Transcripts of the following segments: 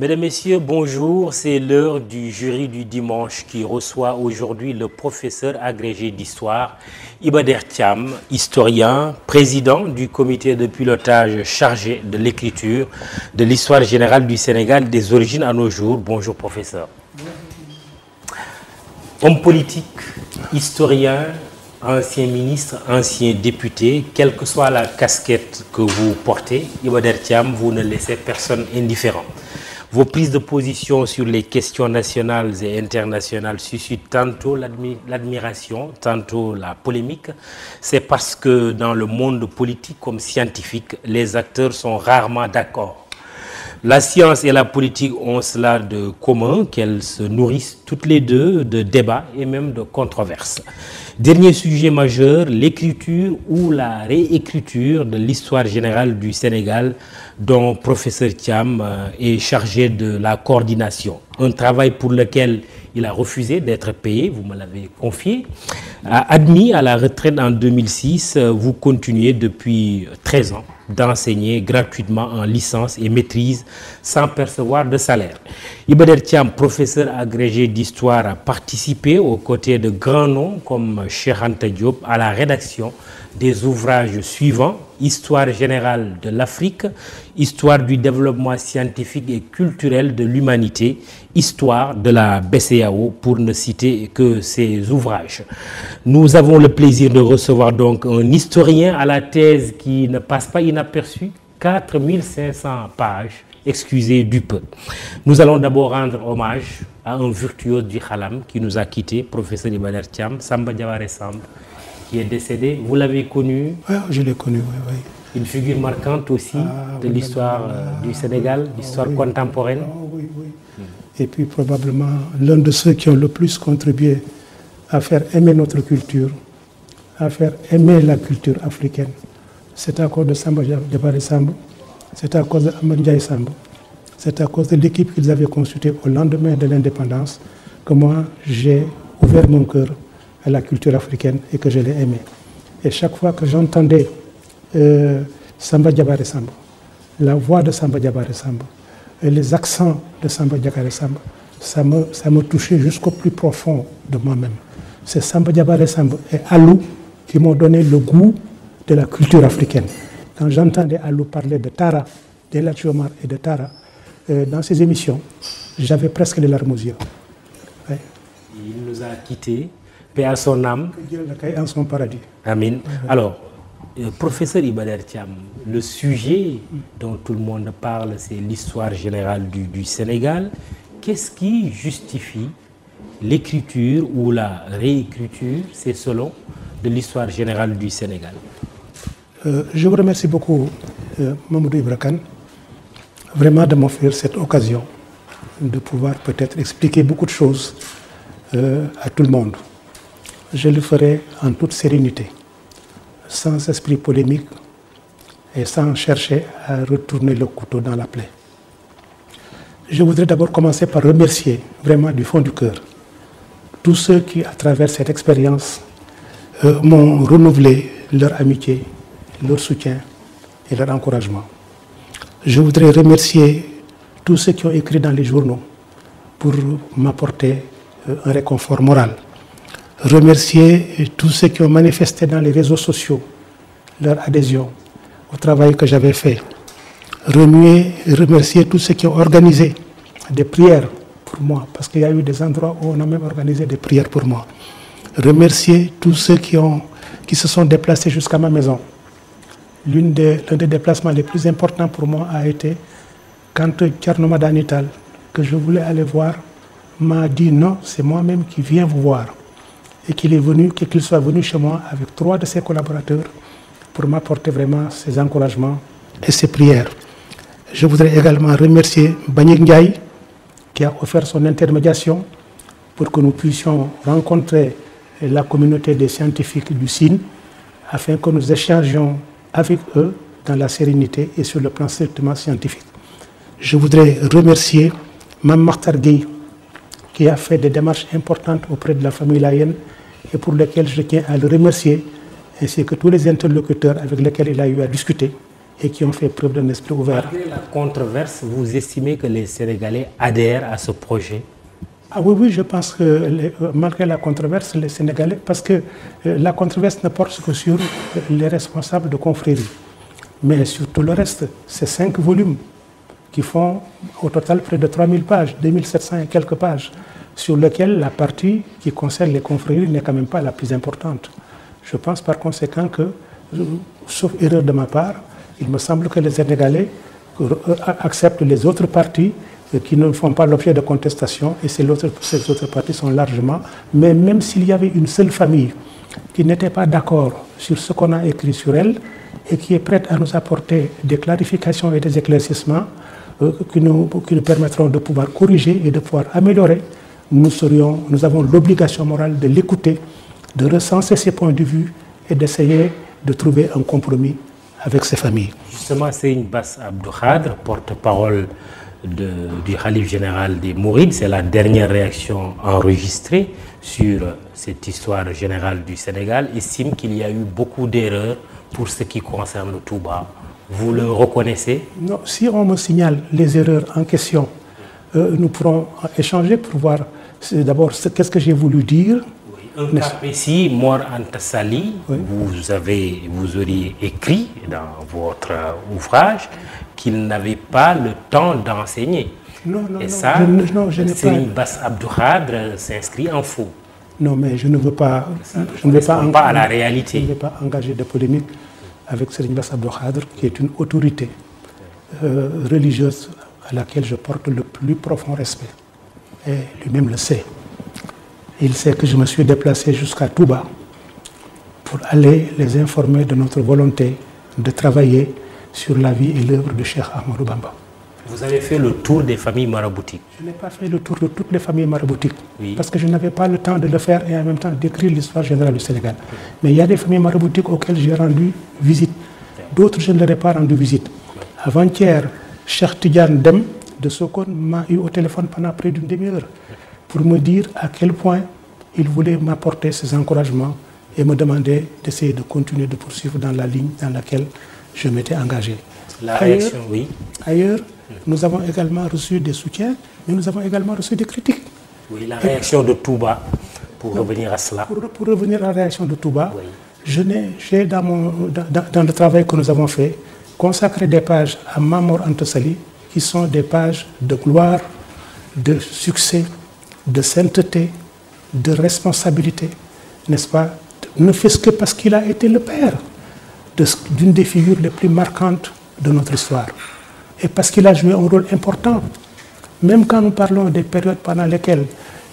Mesdames, Messieurs, bonjour. C'est l'heure du jury du dimanche qui reçoit aujourd'hui le professeur agrégé d'histoire Ibader Thiam, historien, président du comité de pilotage chargé de l'écriture de l'histoire générale du Sénégal des origines à nos jours. Bonjour professeur. Homme politique, historien, ancien ministre, ancien député, quelle que soit la casquette que vous portez, Ibader Thiam, vous ne laissez personne indifférent. Vos prises de position sur les questions nationales et internationales suscitent tantôt l'admiration, tantôt la polémique. C'est parce que dans le monde politique comme scientifique, les acteurs sont rarement d'accord la science et la politique ont cela de commun, qu'elles se nourrissent toutes les deux de débats et même de controverses. Dernier sujet majeur, l'écriture ou la réécriture de l'histoire générale du Sénégal dont professeur Thiam euh, est chargé de la coordination. Un travail pour lequel il a refusé d'être payé, vous me l'avez confié. Admis à la retraite en 2006, euh, vous continuez depuis 13 ans d'enseigner gratuitement en licence et maîtrise sans percevoir de salaire. Ibader Thiam, professeur agrégé d'histoire, a participé aux côtés de grands noms comme Cheikh Anta Diop à la rédaction des ouvrages suivants histoire générale de l'Afrique, histoire du développement scientifique et culturel de l'humanité, histoire de la BCAO, pour ne citer que ces ouvrages. Nous avons le plaisir de recevoir donc un historien à la thèse qui ne passe pas inaperçu, 4500 pages, excusez du peu. Nous allons d'abord rendre hommage à un virtuose du Khalam qui nous a quittés, professeur Ibaner Thiam, Samba Samba qui est décédé. Vous l'avez connu Oui, je l'ai connu, oui, oui. Une figure marquante aussi ah, de l'histoire euh, du Sénégal, ah, l'histoire contemporaine. Ah, hmm. Et puis probablement l'un de ceux qui ont le plus contribué à faire aimer notre culture, à faire aimer la culture africaine. C'est à cause de Samba Paris Sambo, c'est à cause d'Amandjaï Sambo, c'est à cause de l'équipe qu'ils avaient consultée au lendemain de l'indépendance que moi j'ai ouvert mon cœur la culture africaine et que je l'ai aimé. Et chaque fois que j'entendais euh, Samba Diabaré Samba, la voix de Samba Diabaré Samba, les accents de Samba Diabaré Samba, ça me, touchait jusqu'au plus profond de moi-même. C'est Samba Diabaré Samba et Alou qui m'ont donné le goût de la culture africaine. Quand j'entendais Alou parler de Tara, de Chiomar et de Tara, euh, dans ses émissions, j'avais presque les larmes aux yeux. Il nous a quittés à son âme. Que en son paradis. Amen. Alors, euh, professeur Ibader Thiam, le sujet dont tout le monde parle, c'est l'histoire générale du, Sénégal. Qu'est-ce qui justifie l'écriture ou la réécriture, c'est selon, de l'histoire générale du Sénégal euh, Je vous remercie beaucoup, euh, Mamoudou Ibrakan, vraiment de m'offrir cette occasion de pouvoir peut-être expliquer beaucoup de choses à tout le monde je le ferai en toute sérénité, sans esprit polémique et sans chercher à retourner le couteau dans la plaie. Je voudrais d'abord commencer par remercier vraiment du fond du cœur tous ceux qui, à travers cette expérience, euh, m'ont renouvelé leur amitié, leur soutien et leur encouragement. Je voudrais remercier tous ceux qui ont écrit dans les journaux pour m'apporter euh, un réconfort moral remercier tous ceux qui ont manifesté dans les réseaux sociaux leur adhésion au travail que j'avais fait. Remuer, remercier tous ceux qui ont organisé des prières pour moi, parce qu'il y a eu des endroits où on a même organisé des prières pour moi. Remercier tous ceux qui, ont, qui se sont déplacés jusqu'à ma maison. L'un des, déplacements les plus importants pour moi a été quand Tchernomadanital, que je voulais aller voir, m'a dit non, c'est moi-même qui viens vous voir et qu'il est venu, qu'il soit venu chez moi avec trois de ses collaborateurs pour m'apporter vraiment ses encouragements et ses prières. Je voudrais également remercier Banyek qui a offert son intermédiation pour que nous puissions rencontrer la communauté des scientifiques du SIN, afin que nous échangions avec eux dans la sérénité et sur le plan strictement scientifique. Je voudrais remercier Mme Martar qui a fait des démarches importantes auprès de la famille Laïenne et pour lequel je tiens à le remercier, ainsi que tous les interlocuteurs avec lesquels il a eu à discuter et qui ont fait preuve d'un esprit ouvert. Malgré la controverse, vous estimez que les Sénégalais adhèrent à ce projet ah oui, oui, je pense que euh, malgré la controverse, les Sénégalais, parce que euh, la controverse ne porte que sur les responsables de confrérie. Mais sur tout le reste, ces cinq volumes qui font au total près de 3000 pages, 2700 et quelques pages, sur lequel la partie qui concerne les confréries n'est quand même pas la plus importante. Je pense par conséquent que, sauf erreur de ma part, il me semble que les Sénégalais euh, acceptent les autres parties euh, qui ne font pas l'objet de contestation et ces autres, parties sont largement. Mais même s'il y avait une seule famille qui n'était pas d'accord sur ce qu'on a écrit sur elle et qui est prête à nous apporter des clarifications et des éclaircissements euh, qui nous permettront de pouvoir corriger et de pouvoir améliorer nous, serions, nous avons l'obligation morale de l'écouter, de recenser ses points de vue et d'essayer de trouver un compromis avec ses familles. Justement, c'est une basse Abdoukhadr, porte-parole du Khalif général des Mourides. C'est la dernière réaction enregistrée sur cette histoire générale du Sénégal. Estime qu'il y a eu beaucoup d'erreurs pour ce qui concerne le Touba. Vous le reconnaissez Non, si on me signale les erreurs en question, euh, nous pourrons échanger pour voir c'est d'abord qu'est-ce que j'ai voulu dire. Oui, un cas précis, mort en vous, avez, vous auriez écrit dans votre euh, ouvrage qu'il n'avait pas le temps d'enseigner. Non, non, Et ça, euh, s'inscrit en faux. Non, mais je ne veux pas, je ne veux pas, à la réalité. Je ne pas engager de polémique avec Serigne Bas qui est une autorité euh, religieuse à laquelle je porte le plus profond respect et lui-même le sait. Il sait que je me suis déplacé jusqu'à Touba pour aller les informer de notre volonté de travailler sur la vie et l'œuvre de Cheikh Ahmadou Bamba. Vous avez fait le tour des familles maraboutiques Je n'ai pas fait le tour de toutes les familles maraboutiques parce que je n'avais pas le temps de le faire et en même temps d'écrire l'histoire générale du Sénégal. Mais il y a des familles maraboutiques auxquelles j'ai rendu visite. D'autres, je ne leur ai pas rendu visite. Avant-hier, Cheikh Tidiane Dem, de Sokone m'a eu au téléphone pendant près d'une demi-heure pour me dire à quel point il voulait m'apporter ses encouragements et me demander d'essayer de continuer de poursuivre dans la ligne dans laquelle je m'étais engagé. La réaction, oui. Ailleurs, nous avons également reçu des soutiens, mais nous avons également reçu des critiques. Oui, la réaction de Touba, pour revenir à cela. Pour, revenir à la réaction de Touba, j'ai dans, le travail que nous avons fait, consacré des pages à Mamor Antosali, qui sont des pages de gloire, de succès, de sainteté, de responsabilité, n'est-ce pas Ne fait-ce que parce qu'il a été le père d'une des figures les plus marquantes de notre histoire. Et parce qu'il a joué un rôle important. Même quand nous parlons des périodes pendant lesquelles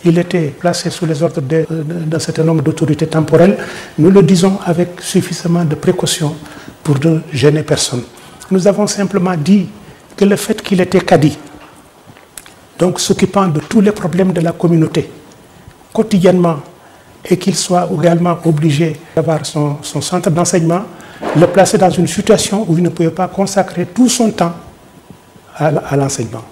il était placé sous les ordres d'un certain nombre d'autorités temporelles, nous le disons avec suffisamment de précaution pour ne gêner personne. Nous avons simplement dit que le fait qu'il était cadi, donc s'occupant de tous les problèmes de la communauté quotidiennement, et qu'il soit également obligé d'avoir son, centre d'enseignement, le placer dans une situation où il ne pouvait pas consacrer tout son temps à l'enseignement.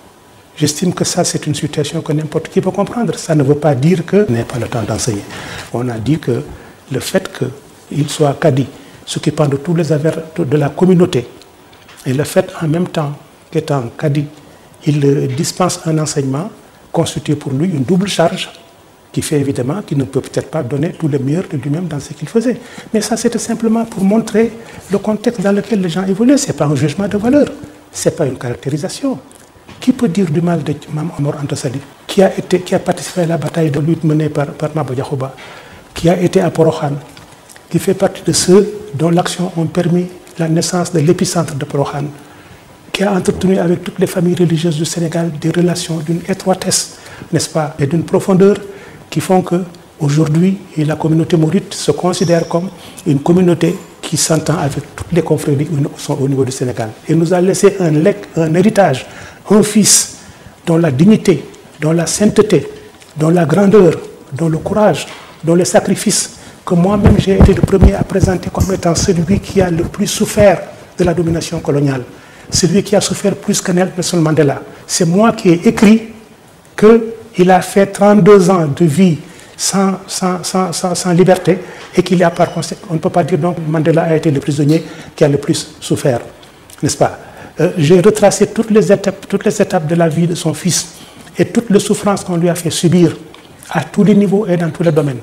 J'estime que ça, c'est une situation que n'importe qui peut comprendre. Ça ne veut pas dire que n'ait pas le temps d'enseigner. On a dit que le fait qu'il soit cadi, s'occupant de tous les affaires de la communauté, et le fait en même temps qu'étant cadet, il euh, dispense un enseignement constitué pour lui une double charge qui fait évidemment qu'il ne peut peut-être pas donner tout le meilleur de lui-même dans ce qu'il faisait. Mais ça, c'était simplement pour montrer le contexte dans lequel les gens évoluaient. Ce n'est pas un jugement de valeur, ce n'est pas une caractérisation. Qui peut dire du mal de Mam Omar Antosali qui a, été, qui a participé à la bataille de lutte menée par, par Mabou qui a été à Porokhan, qui fait partie de ceux dont l'action ont permis la naissance de l'épicentre de Porokhan, qui a entretenu avec toutes les familles religieuses du Sénégal des relations d'une étroitesse, n'est-ce pas, et d'une profondeur qui font que aujourd'hui la communauté maurite se considère comme une communauté qui s'entend avec toutes les confréries au niveau du Sénégal. Il nous a laissé un un héritage, un fils dont la dignité, dont la sainteté, dont la grandeur, dont le courage, dont le sacrifice. que moi-même j'ai été le premier à présenter comme étant celui qui a le plus souffert de la domination coloniale lui qui a souffert plus que Nelson Mandela. C'est moi qui ai écrit qu'il a fait 32 ans de vie sans, sans, liberté et qu'il a par conséquent, on ne peut pas dire donc Mandela a été le prisonnier qui a le plus souffert, n'est-ce pas euh, J'ai retracé toutes les, étapes, toutes les étapes de la vie de son fils et toutes les souffrances qu'on lui a fait subir à tous les niveaux et dans tous les domaines.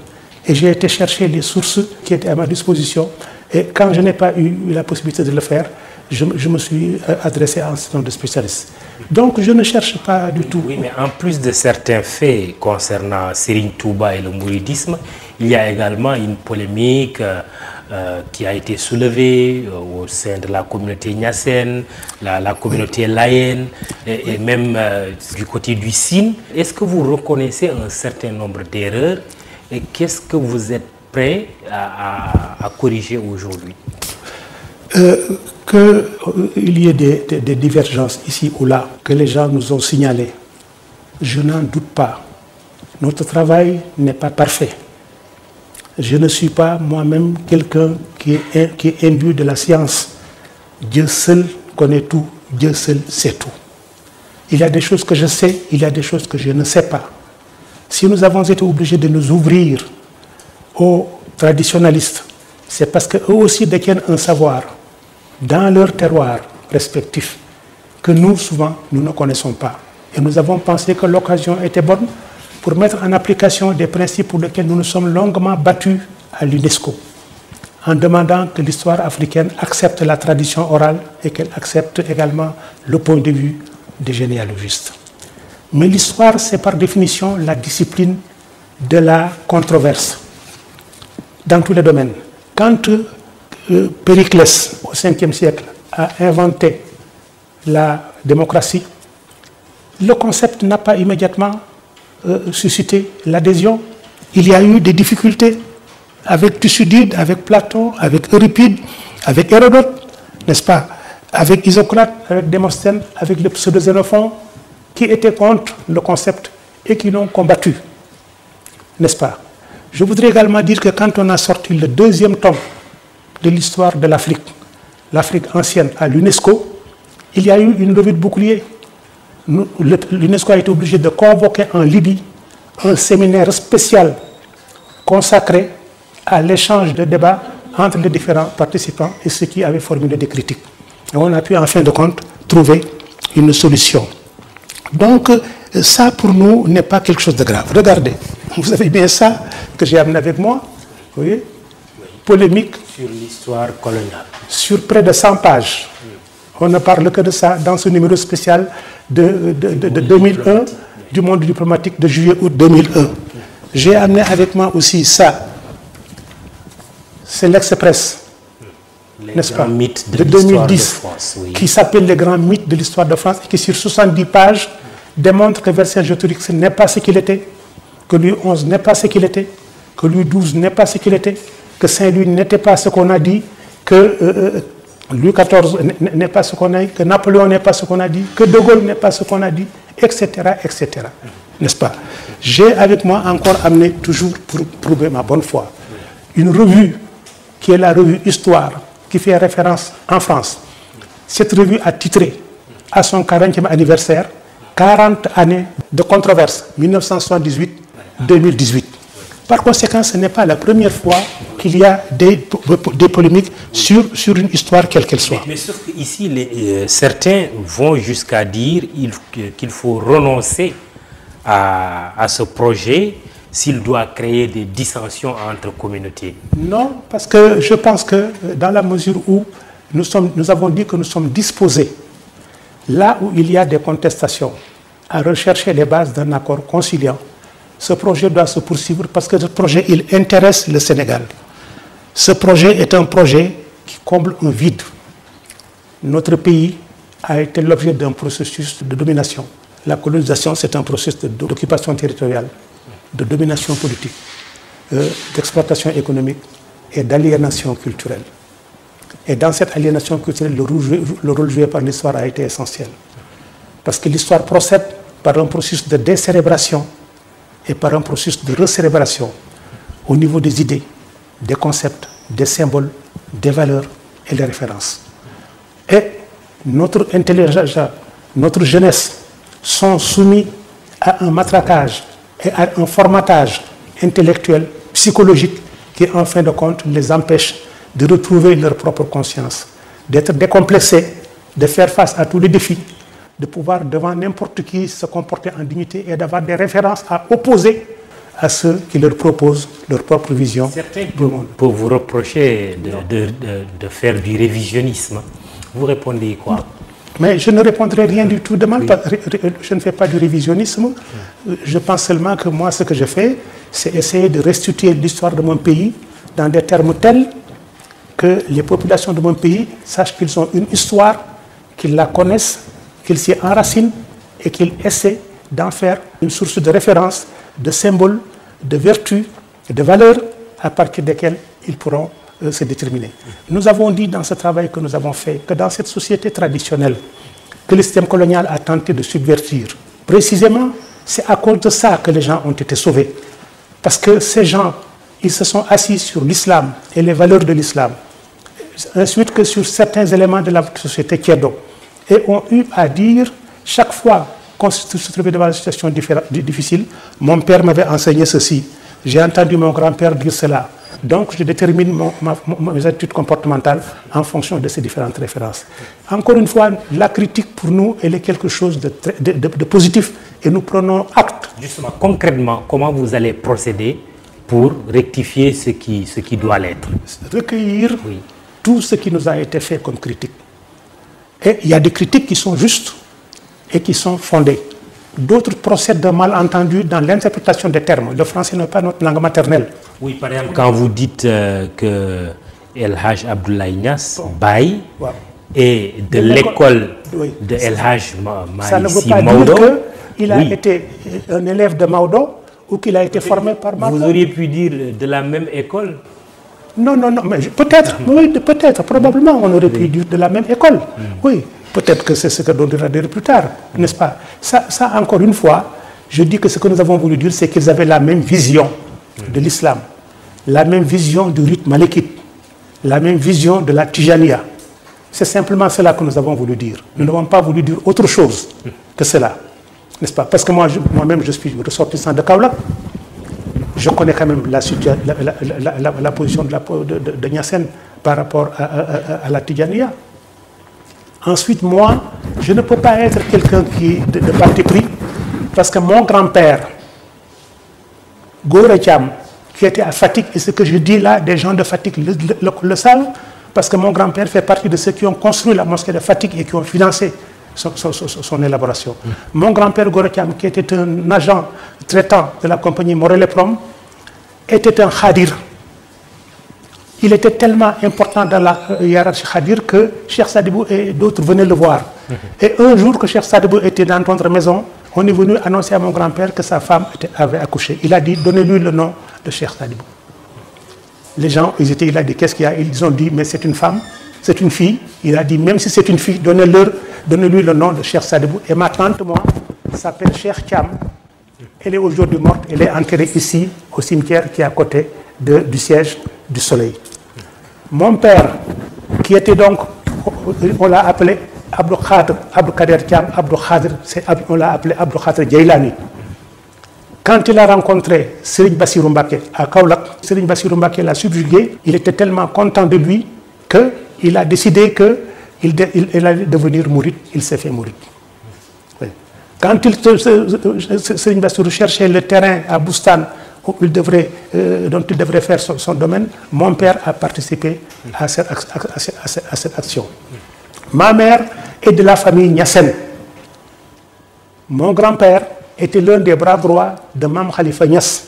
Et j'ai été chercher les sources qui étaient à ma disposition. Et quand je n'ai pas eu la possibilité de le faire, je, me suis euh, adressé à un certain nombre de spécialistes. Donc je ne cherche pas du tout. Oui, mais en plus de certains faits concernant Sérine Touba et le mouridisme, il y a également une polémique euh, euh, qui a été soulevée au sein de la communauté nyassène, la, communauté layenne et, même du côté du Sine. Est-ce que vous reconnaissez un certain nombre d'erreurs et qu'est-ce que vous êtes prêt à corriger aujourd'hui euh, qu'il euh, y ait des, divergences ici ou là, que les gens nous ont signalées, je n'en doute pas. Notre travail n'est pas parfait. Je ne suis pas moi-même quelqu'un qui est, qui est imbu de la science. Dieu seul connaît tout, Dieu seul sait tout. Il y a des choses que je sais, il y a des choses que je ne sais pas. Si nous avons été obligés de nous ouvrir aux traditionnalistes, c'est parce qu'eux aussi détiennent un savoir dans leur terroir respectif, que nous, souvent, nous ne connaissons pas. Et nous avons pensé que l'occasion était bonne pour mettre en application des principes pour lesquels nous nous sommes longuement battus à l'UNESCO, en demandant que l'histoire africaine accepte la tradition orale et qu'elle accepte également le point de vue des généalogistes. Mais l'histoire, c'est par définition la discipline de la controverse dans tous les domaines. Quand euh, Périclès, au 5e siècle, a inventé la démocratie, le concept n'a pas immédiatement euh, suscité l'adhésion. Il y a eu des difficultés avec Thucydide, avec Platon, avec Euripide, avec Hérodote, n'est-ce pas Avec Isocrate, avec Démosthène, avec le pseudo-Xénophon, qui étaient contre le concept et qui l'ont combattu, n'est-ce pas Je voudrais également dire que quand on a sorti le deuxième tome de l'histoire de l'Afrique, l'Afrique ancienne à l'UNESCO, il y a eu une levée de bouclier. L'UNESCO a été obligé de convoquer en Libye un séminaire spécial consacré à l'échange de débats entre les différents participants et ceux qui avaient formulé des critiques. Et on a pu, en fin de compte, trouver une solution. Donc, ça, pour nous, n'est pas quelque chose de grave. Regardez, vous avez bien ça que j'ai amené avec moi. Vous voyez polémique. Sur l'histoire coloniale. Sur près de 100 pages. On ne parle que de ça dans ce numéro spécial de, 2001, du monde diplomatique de juillet-août 2001. J'ai amené avec moi aussi ça. C'est l'Express, n'est-ce pas, mythe de, 2010, qui s'appelle Les grands mythes de l'histoire de France, et qui sur 70 pages démontre que Vercingétorix n'est pas ce qu'il était, que Louis 11 n'est pas ce qu'il était, que Louis 12 n'est pas ce qu'il était, que Saint-Louis n'était pas ce qu'on a dit, que euh, euh, Louis XIV n'est pas ce qu'on a dit, que Napoléon n'est pas ce qu'on a dit, que De Gaulle n'est pas ce qu'on a dit, etc., etc. N'est-ce pas J'ai avec moi encore amené, toujours pour prouver ma bonne foi, une revue qui est la revue Histoire, qui fait référence en France. Cette revue a titré à son 40e anniversaire 40 années de controverse 1978-2018. Par conséquent, ce n'est pas la première fois qu'il y a des, polémiques sur, sur une histoire quelle qu'elle soit. Mais, sauf qu'ici, euh, certains vont jusqu'à dire qu'il faut renoncer à, ce projet s'il doit créer des dissensions entre communautés. Non, parce que je pense que euh, dans la mesure où nous, sommes, nous avons dit que nous sommes disposés, là où il y a des contestations, à rechercher les bases d'un accord conciliant, ce projet doit se poursuivre parce que ce projet, il intéresse le Sénégal. Ce projet est un projet qui comble un vide. Notre pays a été l'objet d'un processus de domination. La colonisation, c'est un processus d'occupation territoriale, de domination politique, euh, d'exploitation économique et d'aliénation culturelle. Et dans cette aliénation culturelle, le rôle joué, par l'histoire a été essentiel. Parce que l'histoire procède par un processus de décélébration et par un processus de recélébration au niveau des idées, des concepts, des symboles, des valeurs et des références. Et notre intelligence, notre jeunesse sont soumis à un matraquage et à un formatage intellectuel, psychologique, qui en fin de compte les empêche de retrouver leur propre conscience, d'être décomplexés, de faire face à tous les défis, de pouvoir devant n'importe qui se comporter en dignité et d'avoir des références à opposer à ceux qui leur proposent leur propre vision du monde. Pour vous reprocher de, faire du révisionnisme, vous répondez quoi mais je ne répondrai rien du tout. de mal. je ne fais pas du révisionnisme. Je pense seulement que moi, ce que je fais, c'est essayer de restituer l'histoire de mon pays dans des termes tels que les populations de mon pays sachent qu'ils ont une histoire, qu'ils la connaissent, qu'ils s'y enracinent et qu'ils essaient d'en faire une source de référence, de symbole de vertus, de valeurs à partir desquelles ils pourront euh, se déterminer. Nous avons dit dans ce travail que nous avons fait que dans cette société traditionnelle que le système colonial a tenté de subvertir, précisément, c'est à cause de ça que les gens ont été sauvés. Parce que ces gens, ils se sont assis sur l'islam et les valeurs de l'islam, ensuite que sur certains éléments de la société Kiedo, et ont eu à dire chaque fois se trouver devant une situation difficile, mon père m'avait enseigné ceci, j'ai entendu mon grand-père dire cela. Donc, je détermine mes attitudes comportementales en fonction de ces différentes références. Encore une fois, la critique pour nous, elle est quelque chose de, positif et nous prenons acte. Justement, concrètement, comment vous allez procéder pour rectifier ce qui, ce qui doit l'être Recueillir tout ce qui nous a été fait comme critique. Et il y a des critiques qui sont justes et qui sont fondés. D'autres procèdent de malentendus dans l'interprétation des termes. Le français n'est pas notre langue maternelle. Oui, par exemple, quand vous dites euh, que El Haj Abdoulaye Nias de l'école de El Haj Maudo... Ça dire a été euh, un élève de Maudo ou qu'il a été formé par Maudo. Vous auriez pu dire de la même école Non, non, non, mais peut-être, oui, peut-être, probablement, on aurait pu dire de la même école. Hmm. Oui, Peut-être que c'est ce que Don dire plus tard, n'est-ce pas ça, encore une fois, je dis que ce que nous avons voulu dire, c'est qu'ils avaient la même vision de l'islam, la même vision du rite malékite, la même vision de la tijania. C'est simplement cela que nous avons voulu dire. Nous n'avons pas voulu dire autre chose que cela, n'est-ce pas Parce que moi-même, je suis ressortissant de Kaula. Je connais quand même la, position de, la, par rapport à, à la tijania. Ensuite, moi, je ne peux pas être quelqu'un qui de, de parti parce que mon grand-père, Gorekham, qui était à Fatigue, et ce que je dis là, des gens de Fatik le, savent, parce que mon grand-père fait partie de ceux qui ont construit la mosquée de Fatigue et qui ont financé son, élaboration. Mon grand-père Gorekham, qui était un agent traitant de la compagnie Morel et Prom, était un khadir il était tellement important dans la euh, hiérarchie Khadir que Cheikh Sadibou et d'autres venaient le voir. Mhm. Et un jour que Cheikh Sadibou était dans notre maison, on est venu annoncer à mon grand-père que sa femme avait accouché. Il a dit, donnez-lui le nom de Cheikh Sadibou. Les gens, ils étaient, il a dit, qu'est-ce qu'il y a Ils ont dit, mais c'est une femme, c'est une fille. Il a dit, même si c'est une fille, donnez-lui donnez le nom de Cheikh Sadibou. Et ma tante, moi, s'appelle Cheikh Cham. Elle est aujourd'hui morte, elle est enterrée ici, au cimetière qui est à côté du siège du soleil. Mon père, qui était donc, on l'a appelé Abdou Khadr, Abdou Kader Abdou Khadr, on l'a appelé Abdou Khadr Quand il a rencontré Serigne Bassirou à Kaulak, Serigne Bassirou l'a subjugué. Il était tellement content de lui qu'il a décidé qu'il il, allait devenir mouride. Il s'est fait mouride. Quand il, Serigne Bassirou cherchait le terrain à Boustan, il devrait, euh, dont il devrait faire son, domaine, mon père a participé à cette, action. Ma mère est de la famille Nyassen. Mon grand-père était l'un des braves rois de Mam Khalifa Nyass.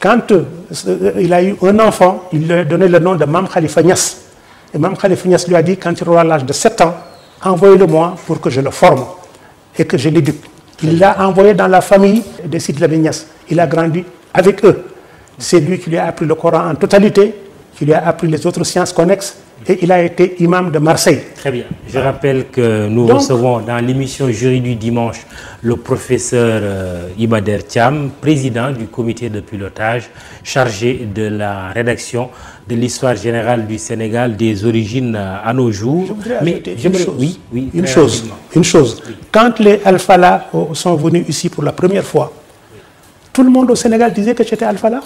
Quand euh, il a eu un enfant, il lui a donné le nom de Mam Khalifa Et Mam Khalifa lui a dit, quand il aura l'âge de 7 ans, envoyez-le-moi pour que je le forme et que je l'éduque. Il l'a envoyé dans la famille de Sid Il a grandi avec eux. C'est lui qui lui a appris le Coran en totalité, qui lui a appris les autres sciences connexes, et il a été imam de Marseille. Très bien. Je rappelle que nous recevons dans l'émission Jury du dimanche le professeur euh, Ibader Thiam, président du comité de pilotage chargé de la rédaction de l'histoire générale du Sénégal des origines euh, à nos jours. Je voudrais Mais une chose. Oui, oui, une, chose une chose. Quand les Alphalas euh, sont venus ici pour la première fois, tout le monde au Sénégal disait que j'étais alpha là.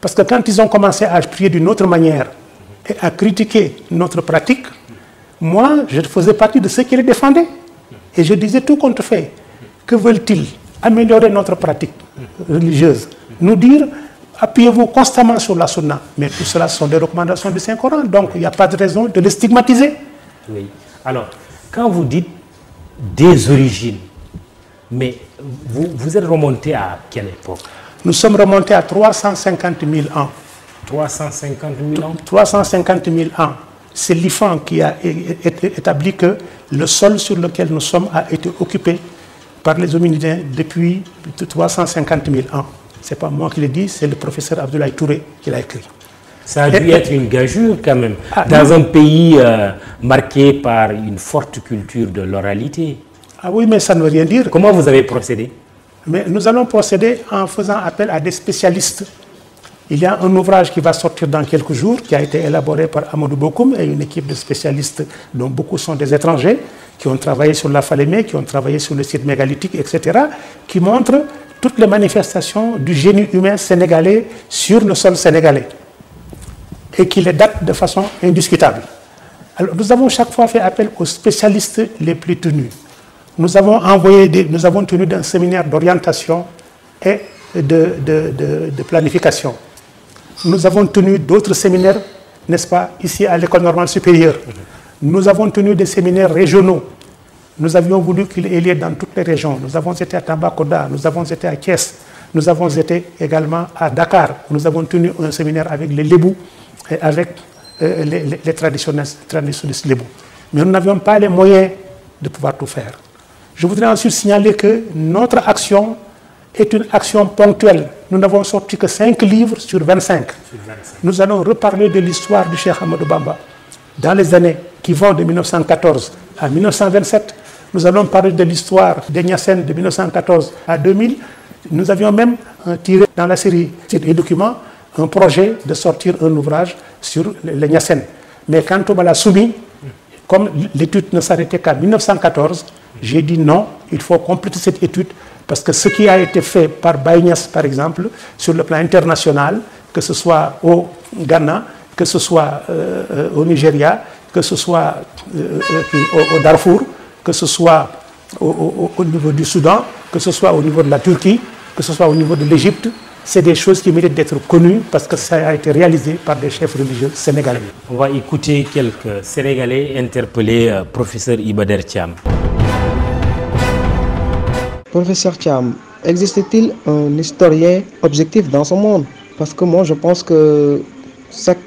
Parce que quand ils ont commencé à prier d'une autre manière et à critiquer notre pratique, moi, je faisais partie de ceux qui les défendaient. Et je disais tout contrefait. fait. Que veulent-ils Améliorer notre pratique religieuse. Nous dire, appuyez-vous constamment sur la sunna. Mais tout cela sont des recommandations du Saint-Coran. Donc, il n'y a pas de raison de les stigmatiser. Oui. Alors, quand vous dites des origines, mais vous, vous êtes remonté à quelle époque Nous sommes remontés à 350 000 ans. 350 000 ans 350 000 ans. C'est l'IFAN qui a établi que le sol sur lequel nous sommes a été occupé par les hominidés depuis 350 000 ans. Ce n'est pas moi qui le dis, c'est le professeur Abdoulaye Touré qui l'a écrit. Ça a dû être une gageure quand même, ah, dans un pays euh, marqué par une forte culture de l'oralité. Ah oui, mais ça ne veut rien dire. Comment vous avez procédé mais Nous allons procéder en faisant appel à des spécialistes. Il y a un ouvrage qui va sortir dans quelques jours, qui a été élaboré par Amadou Bokoum et une équipe de spécialistes dont beaucoup sont des étrangers, qui ont travaillé sur la phalémée, qui ont travaillé sur le site mégalithique, etc., qui montre toutes les manifestations du génie humain sénégalais sur le sol sénégalais et qui les datent de façon indiscutable. Alors, nous avons chaque fois fait appel aux spécialistes les plus tenus. Nous avons, envoyé nous avons tenu un séminaire d'orientation et de, planification. Nous avons tenu d'autres séminaires, n'est-ce pas, ici à l'École normale supérieure. Nous avons tenu des séminaires régionaux. Nous avions voulu qu'il y ait dans toutes les régions. Nous avons été à Tambacoda, nous avons été à Kies, nous avons été également à Dakar. Nous avons tenu un séminaire avec les Lébous et avec euh, les, traditionnels, Mais nous n'avions pas les moyens de pouvoir tout faire. Je voudrais ensuite signaler que notre action est une action ponctuelle. Nous n'avons sorti que 5 livres sur 25. Nous allons reparler de l'histoire du Cheikh Hamadou Bamba. Dans les années qui vont de 1914 à 1927, nous allons parler de l'histoire des de 1914 à 2000. Nous avions même euh, tiré dans la série et documents un projet de sortir un ouvrage sur les Mais quand on l'a soumis, comme l'étude ne s'arrêtait qu'en 1914, j'ai dit non, il faut compléter cette étude parce que ce qui a été fait par Baïnias, par exemple, sur le plan international, que ce soit au Ghana, que ce soit euh, au Nigeria, que ce soit euh, euh, au, Darfour, que ce soit au niveau du Soudan, que ce soit au niveau de la Turquie, que ce soit au niveau de l'Égypte, c'est des choses qui méritent d'être connues parce que ça a été réalisé par des chefs religieux sénégalais. On va écouter quelques Sénégalais interpeller euh, professeur Ibader Thiam. Professeur Thiam, existe-t-il un historien objectif dans ce monde Parce que moi, je pense que chaque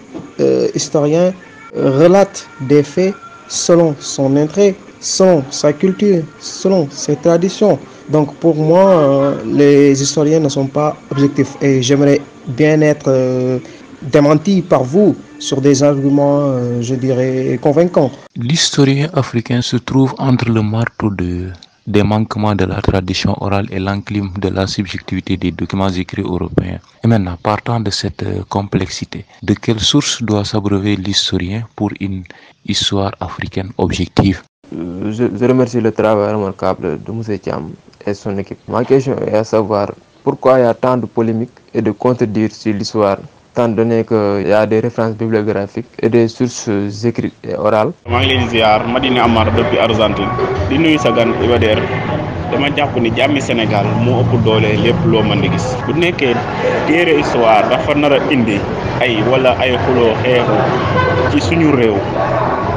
euh, historien relate des faits selon son intérêt, selon sa culture, selon ses traditions. Donc pour moi, euh, les historiens ne sont pas objectifs et j'aimerais bien être euh, démenti par vous sur des arguments, euh, je dirais, convaincants. L'historien africain se trouve entre le marteau de, des manquements de la tradition orale et l'enclime de la subjectivité des documents écrits européens. Et maintenant, partant de cette complexité, de quelle source doit s'abreuver l'historien pour une histoire africaine objective je, remercie le travail remarquable de M et son équipe. Ma question est à savoir pourquoi il y a tant de polémiques et de contredire sur l'histoire, tant donné qu'il y a des références bibliographiques et des sources écrites et orales. maa ngi ziar Madina Amar depuis Argentine di nuyu sa gan Ibader dama jàpp ni jàmmi Sénégal moo ëpp doole lépp loo mën di gis. bu nekkee téere histoire dafa nar a indi ay wala ay xuloo xeexu ci suñu réew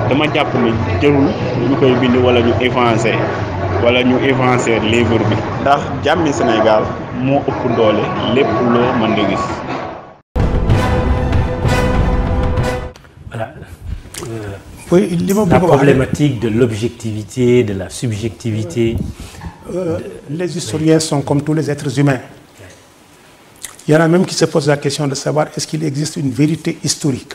dama japp ni jërul ñu koy bind wala ñu avancer voilà. la problématique de l'objectivité de la subjectivité. Euh, les historiens sont comme tous les êtres humains. Il y en a même qui se posent la question de savoir est-ce qu'il existe une vérité historique.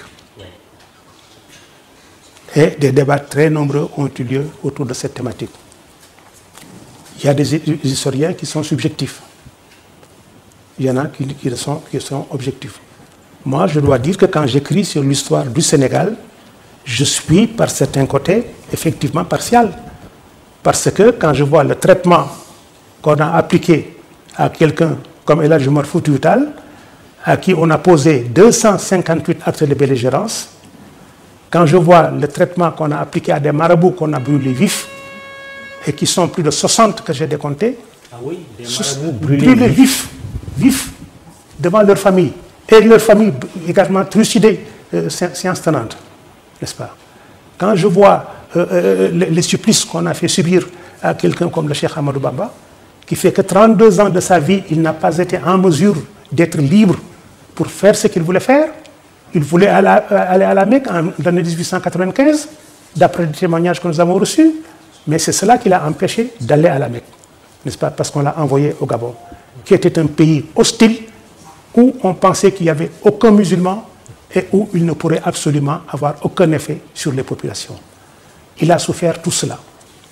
Et des débats très nombreux ont eu lieu autour de cette thématique. Il y a des historiens qui sont subjectifs. Il y en a qui, sont, objectifs. Moi, je dois dire que quand j'écris sur l'histoire du Sénégal, je suis, par certains côtés, effectivement partial. Parce que quand je vois le traitement qu'on a appliqué à quelqu'un comme Elad Jumar à qui on a posé 258 actes de belligérance, quand je vois le traitement qu'on a appliqué à des marabouts qu'on a brûlés vifs, et qui sont plus de 60 que j'ai décompté, ah oui, des brûlés, vifs, vifs, devant leur famille, et leur famille également trucidée, euh, séance n'est-ce pas Quand je vois euh, euh, euh, les, supplices qu'on a fait subir à quelqu'un comme le Cheikh Amadou Bamba, qui fait que 32 ans de sa vie, il n'a pas été en mesure d'être libre pour faire ce qu'il voulait faire. Il voulait aller à la, Mecque en, 1895, d'après les témoignages que nous avons reçus. Mais c'est cela qui l'a empêché d'aller à la Mecque, n'est-ce pas Parce qu'on l'a envoyé au Gabon, qui était un pays hostile où on pensait qu'il n'y avait aucun musulman et où il ne pourrait absolument avoir aucun effet sur les populations. Il a souffert tout cela.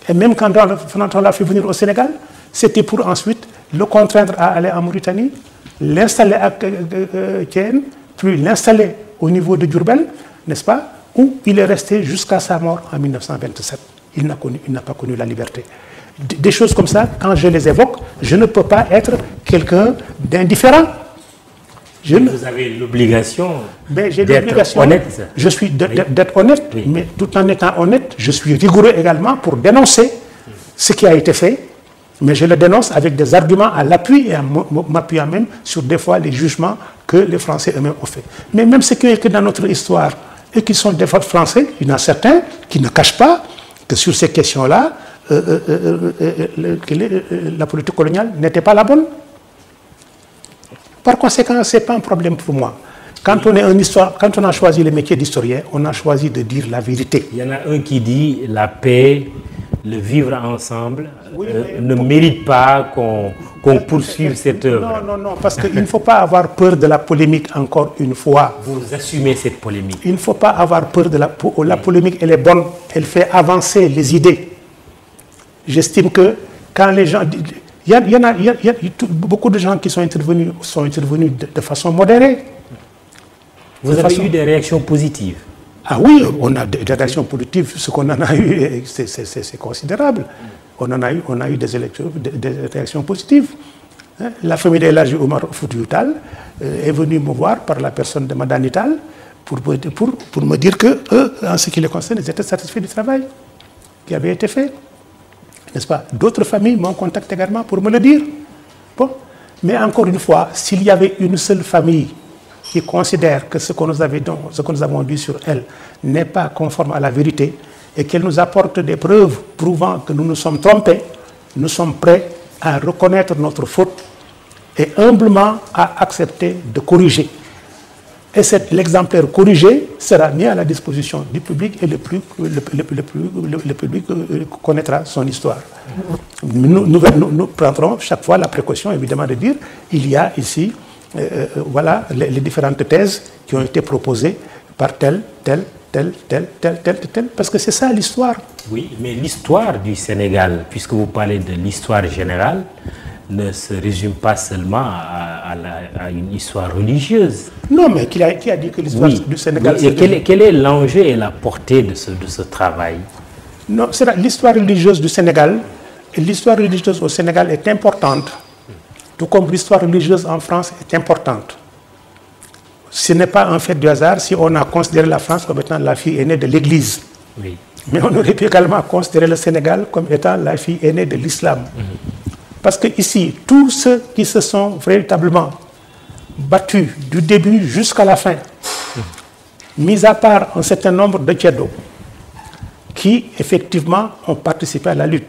Et même quand on l'a fait venir au Sénégal, c'était pour ensuite le contraindre à aller en Mauritanie, l'installer à Ken, puis l'installer au niveau de Durbel, n'est-ce pas Où il est resté jusqu'à sa mort en 1927 il n'a pas connu la liberté. Des choses comme ça, quand je les évoque, je ne peux pas être quelqu'un d'indifférent. Vous avez l'obligation ben, d'être honnête. Je suis d'être honnête, mais tout en étant honnête, je suis rigoureux également pour dénoncer ce qui a été fait, mais je le dénonce avec des arguments à l'appui et en même sur des fois les jugements que les Français eux-mêmes ont fait. Mais même ce qui est écrit dans notre histoire, et qui sont des fois français, il y en a certains qui ne cachent pas, sur ces questions-là, euh, euh, euh, la politique coloniale n'était pas la bonne. Par conséquent, ce n'est pas un problème pour moi. Quand on, est histoire, quand on a choisi le métier d'historien, on a choisi de dire la vérité. Il y en a un qui dit la paix le vivre ensemble euh, ne mérite pas qu'on poursuive cette œuvre. Non, non, non, parce qu'il ne faut pas avoir peur de la polémique encore une fois. Vous assumez cette polémique. Il ne faut pas avoir peur de la, oh, la polémique, elle est bonne, elle fait avancer les idées. J'estime que quand les gens... Il y, en a, beaucoup de gens qui sont intervenus, sont intervenus de, façon modérée. Vous avez eu des réactions positives ah oui, on a des réactions positives, ce qu'on en a eu, c'est considérable. On en a eu, on a eu des, réactions positives. Hein, la famille d'Elagi Omar Foutioutal euh, est venue me voir par la personne de Madame Nital pour, me dire que, en ce qui les concerne, ils étaient satisfaits du travail qui avait été fait. N'est-ce pas D'autres familles m'ont contacté également pour me le dire. Mais encore une fois, s'il y avait une seule famille qui considère que ce que nous, avons, ce que nous avons dit sur elle n'est pas conforme à la vérité et qu'elle nous apporte des preuves prouvant que nous nous sommes trompés, nous sommes prêts à reconnaître notre faute et humblement à accepter de corriger. Et l'exemplaire corrigé sera mis à la disposition du public et le, plus, le, public euh, connaîtra son histoire. Nous, nous prendrons chaque fois la précaution, évidemment, de dire il y a ici euh, euh, voilà les, différentes thèses qui ont été proposées par tel, tel, tel, tel, tel, tel, tel, parce que c'est ça l'histoire. Oui, mais l'histoire du Sénégal, puisque vous parlez de l'histoire générale, ne se résume pas seulement à, une histoire religieuse. Non, mais qui a, dit que l'histoire du Sénégal... Oui. quel, est, quel l'enjeu et la portée de ce, de ce travail Non, c'est l'histoire religieuse du Sénégal, l'histoire religieuse au Sénégal est importante tout comme l'histoire religieuse en France est importante. Ce n'est pas un fait du hasard si on a considéré la France comme étant la fille aînée de l'Église. Mais on aurait pu également considérer le Sénégal comme étant la fille aînée de l'islam. Mhm. Parce que ici, tous ceux qui se sont véritablement battus du début jusqu'à la fin, mhm. mis à part un certain nombre de tiados, qui effectivement ont participé à la lutte,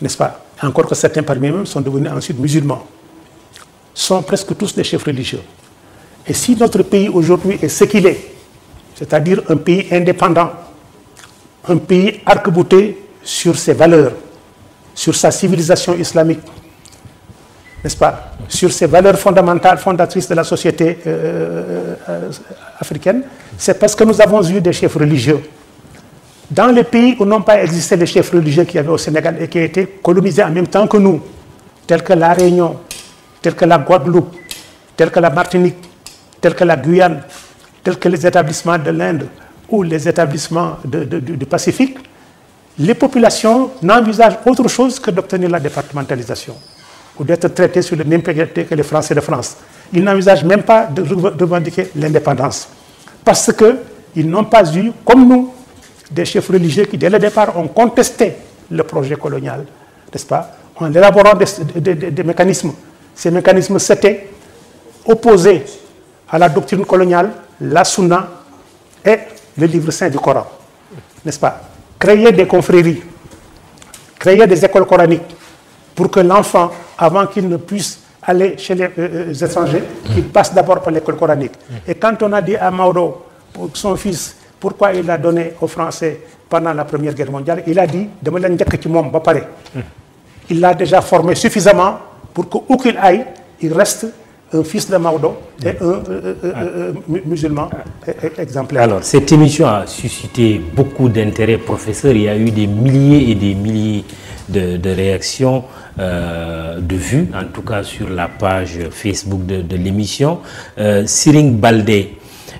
n'est-ce pas encore que certains parmi eux sont devenus ensuite musulmans, sont presque tous des chefs religieux. Et si notre pays aujourd'hui est ce qu'il est, c'est-à-dire un pays indépendant, un pays arc-bouté sur ses valeurs, sur sa civilisation islamique, n'est-ce pas, sur ses valeurs fondamentales, fondatrices de la société euh, euh, euh, africaine, c'est parce que nous avons eu des chefs religieux dans les pays où n'ont pas existé les chefs religieux qu'il y avait au Sénégal et qui ont été colonisés en même temps que nous, tels que la Réunion, tels que la Guadeloupe, tels que la Martinique, tels que la Guyane, tels que les établissements de l'Inde ou les établissements du, Pacifique, les populations n'envisagent autre chose que d'obtenir la départementalisation ou d'être traitées sur les même pied que les Français de France. Ils n'envisagent même pas de revendiquer l'indépendance parce qu'ils n'ont pas eu, comme nous, des chefs religieux qui, dès le départ, ont contesté le projet colonial, n'est-ce pas, en élaborant des, mécanismes. Ces mécanismes, c'était opposés à la doctrine coloniale, la sunna et le livre saint du Coran, n'est-ce pas Créer des confréries, créer des écoles coraniques pour que l'enfant, avant qu'il ne puisse aller chez les, euh, euh, étrangers, qu'il passe d'abord par l'école coranique. Et quand on a dit à Mauro, son fils, pourquoi il a donné aux Français pendant la Première Guerre mondiale il a dit il l'a déjà formé suffisamment pour que qu'il aille il reste un fils de Maudon, un euh, euh, euh, musulman exemplaire. Alors, cette émission a suscité beaucoup d'intérêt, professeur. Il y a eu des milliers et des milliers de, réactions, de vues, en tout cas sur la page Facebook de, l'émission. Siring Baldé,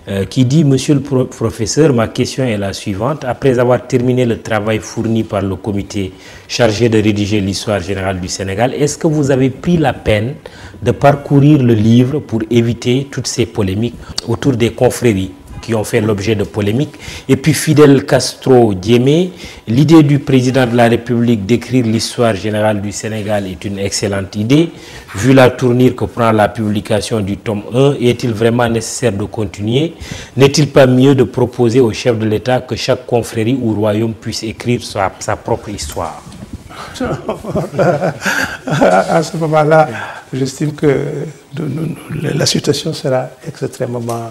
euh, qui dit Monsieur le professeur, ma question est la suivante. Après avoir terminé le travail fourni par le comité chargé de rédiger l'histoire générale du Sénégal, est-ce que vous avez pris la peine de parcourir le livre pour éviter toutes ces polémiques autour des confréries qui ont fait l'objet de polémiques. Et puis Fidel Castro Diémé, l'idée du président de la République d'écrire l'histoire générale du Sénégal est une excellente idée. Vu la tournure que prend la publication du tome 1, est-il vraiment nécessaire de continuer N'est-il pas mieux de proposer au chef de l'État que chaque confrérie ou royaume puisse écrire sa, sa propre histoire à ce moment-là, j'estime que la situation sera extrêmement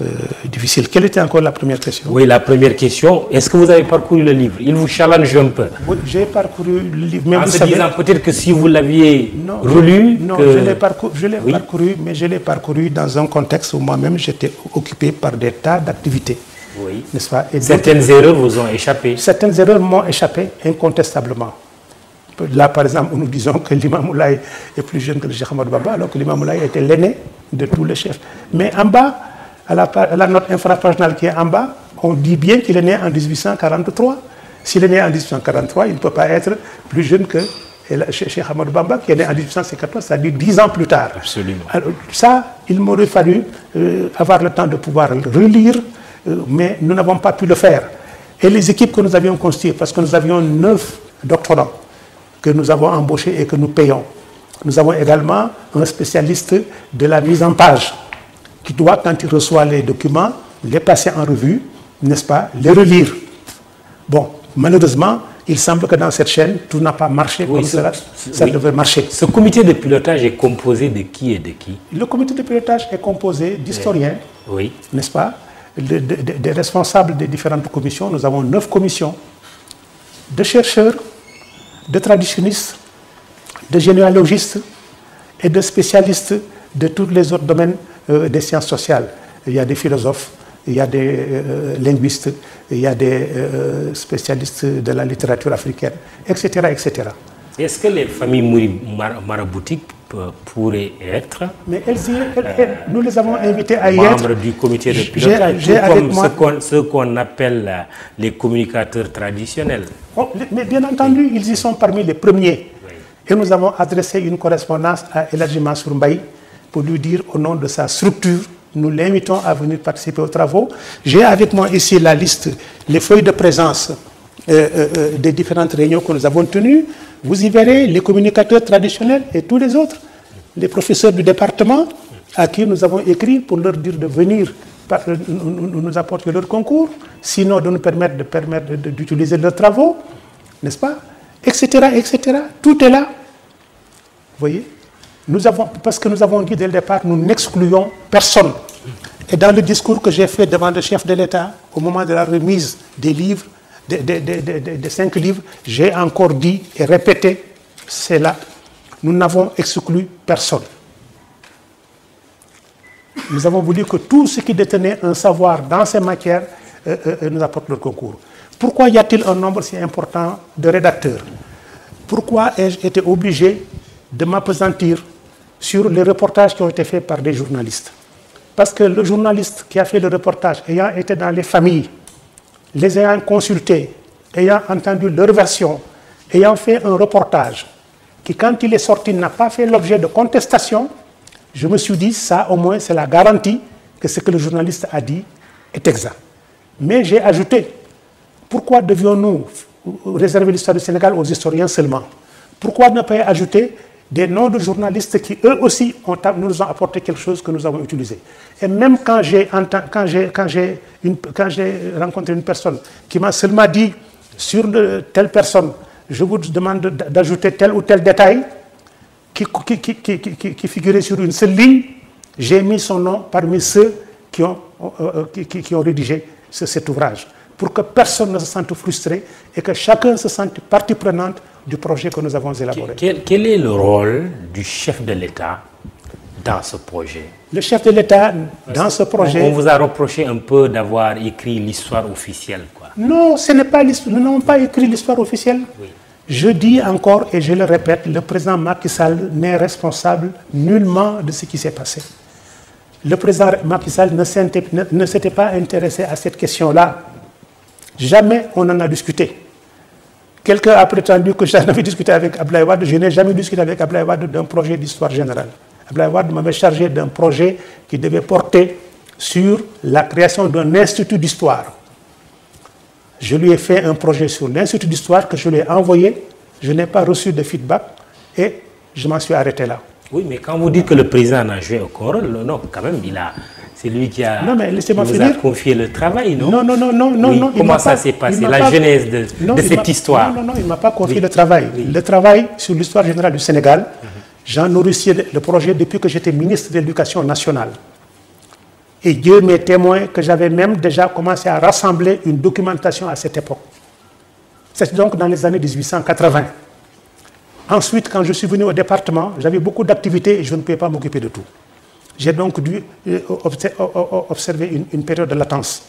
euh, difficile. Quelle était encore la première question Oui, la première question. Est-ce que vous avez parcouru le livre Il vous challenge un peu. j'ai parcouru le livre. Mais en vous se savez... disant peut-être que si vous l'aviez relu... Non, je l'ai parcouru, mais je l'ai parcouru dans un contexte où moi-même j'étais occupé par des tas d'activités. Oui. ce pas Certaines erreurs vous ont échappé. Certaines erreurs m'ont échappé, incontestablement. Là, par exemple, nous disons que l'imam est plus jeune que le Cheikh Baba, alors que l'imam était l'aîné de tous les chefs. Mais en bas, à la, note infrapaginale qui est en bas, on dit bien qu'il est né en 1843. S'il est né en 1843, il ne peut pas être plus jeune que Cheikh Hamad Bamba, qui est né en 1853. c'est-à-dire dix ans plus tard. Absolument. ça, il m'aurait fallu euh, avoir le temps de pouvoir le relire, euh, mais nous n'avons pas pu le faire. Et les équipes que nous avions constituées, parce que nous avions neuf doctorants que nous avons embauchés et que nous payons. Nous avons également un spécialiste de la mise en page qui doit, quand il reçoit les documents, les passer en revue, n'est-ce pas, les relire. Bon, malheureusement, il semble que dans cette chaîne, tout n'a pas marché comme cela, ça devait marcher. Ce comité de pilotage est composé de qui et de qui Le comité de pilotage est composé d'historiens, euh, oui. n'est-ce pas Des de, responsables des différentes commissions. Nous avons neuf commissions, de chercheurs, de traditionnistes, de généalogistes et de spécialistes de tous les autres domaines euh, des sciences sociales, il y a des philosophes, il y a des euh, linguistes, il y a des euh, spécialistes de la littérature africaine, etc. etc. Est-ce que les familles maraboutiques pourraient être Mais elles, nous les avons invités à y être. du comité de pilotage, comme qu'on appelle les communicateurs traditionnels. Oh, mais bien entendu, ils y sont parmi les premiers. Et nous avons adressé une correspondance à Eladji Mansour pour lui dire au nom de sa structure, nous l'invitons à venir participer aux travaux. J'ai avec moi ici la liste, les feuilles de présence euh, euh, euh, des différentes réunions que nous avons tenues. Vous y verrez les communicateurs traditionnels et tous les autres, les professeurs du département à qui nous avons écrit pour leur dire de venir nous, nous apporter leur concours, sinon de nous permettre de permettre d'utiliser leurs travaux, n'est-ce pas, etc., etc. Tout est là, vous voyez avons, parce que nous avons dit dès le départ, nous n'excluons personne. Et dans le discours que j'ai fait devant le chef de l'État, au moment de la remise des livres, des cinq livres, j'ai encore dit et répété cela. Nous n'avons exclu personne. Nous avons voulu que tout ce qui détenait un savoir dans ces matières euh, euh, euh, nous apporte leur concours. Pourquoi y a-t-il un nombre si important de rédacteurs Pourquoi ai-je été obligé de m'apesantir sur les reportages qui ont été faits par des journalistes. Parce que le journaliste qui a fait le reportage, ayant été dans les familles, les ayant consultés, ayant entendu leur version, ayant fait un reportage, qui quand il est sorti n'a pas fait l'objet de contestation, je me suis dit, ça au moins c'est la garantie que ce que le journaliste a dit est exact. Mais j'ai ajouté, pourquoi devions-nous réserver l'histoire du Sénégal aux historiens seulement Pourquoi ne pas ajouter des noms de journalistes qui, eux aussi, ont, nous ont apporté quelque chose que nous avons utilisé. Et même quand j'ai quand rencontré une personne qui m'a seulement dit sur telle personne, je vous demande d'ajouter tel ou tel détail qui, figurait sur une seule ligne, j'ai mis son nom parmi ceux qui ont, euh, euh, rédigé cet ouvrage, pour que personne ne se sente frustré et que chacun se sente partie prenante du projet que nous avons élaboré. Quel, est le rôle du chef de l'État dans ce projet Le chef de l'État, dans ce projet... On, vous a reproché un peu d'avoir écrit l'histoire officielle. Quoi. Non, ce n'est pas nous n'avons pas écrit l'histoire officielle. Je dis encore et je le répète, le président Macky Sall n'est responsable nullement de ce qui s'est passé. Le président Macky Sall ne s'était pas intéressé à cette question-là. Jamais on en a discuté. Quelqu'un a prétendu que j'en avais discuté avec Ablaï Wade. Je n'ai jamais discuté avec Ablaï Wade d'un projet d'histoire générale. Ablaï Wade m'avait chargé d'un projet qui devait porter sur la création d'un institut d'histoire. Je lui ai fait un projet sur l'institut d'histoire que je lui ai envoyé. Je n'ai pas reçu de feedback et je m'en suis arrêté là. Oui, mais quand vous dites que le président n'a joué au corps, non, quand même, il a, c'est lui qui a, a confié le travail, non Non, non, non, non, non Comment ça s'est passé La genèse de, cette histoire Non, non, non, il ne m'a pas confié le travail. Le travail sur l'histoire générale du Sénégal, j'en nourrissais le projet depuis que j'étais ministre de l'Éducation nationale. Et Dieu m'est témoin que j'avais même déjà commencé à rassembler une documentation à cette époque. C'est donc dans les années 1880. Ensuite, quand je suis venu au département, j'avais beaucoup d'activités et je ne pouvais pas m'occuper de tout. J'ai donc dû euh, observer une, période de latence.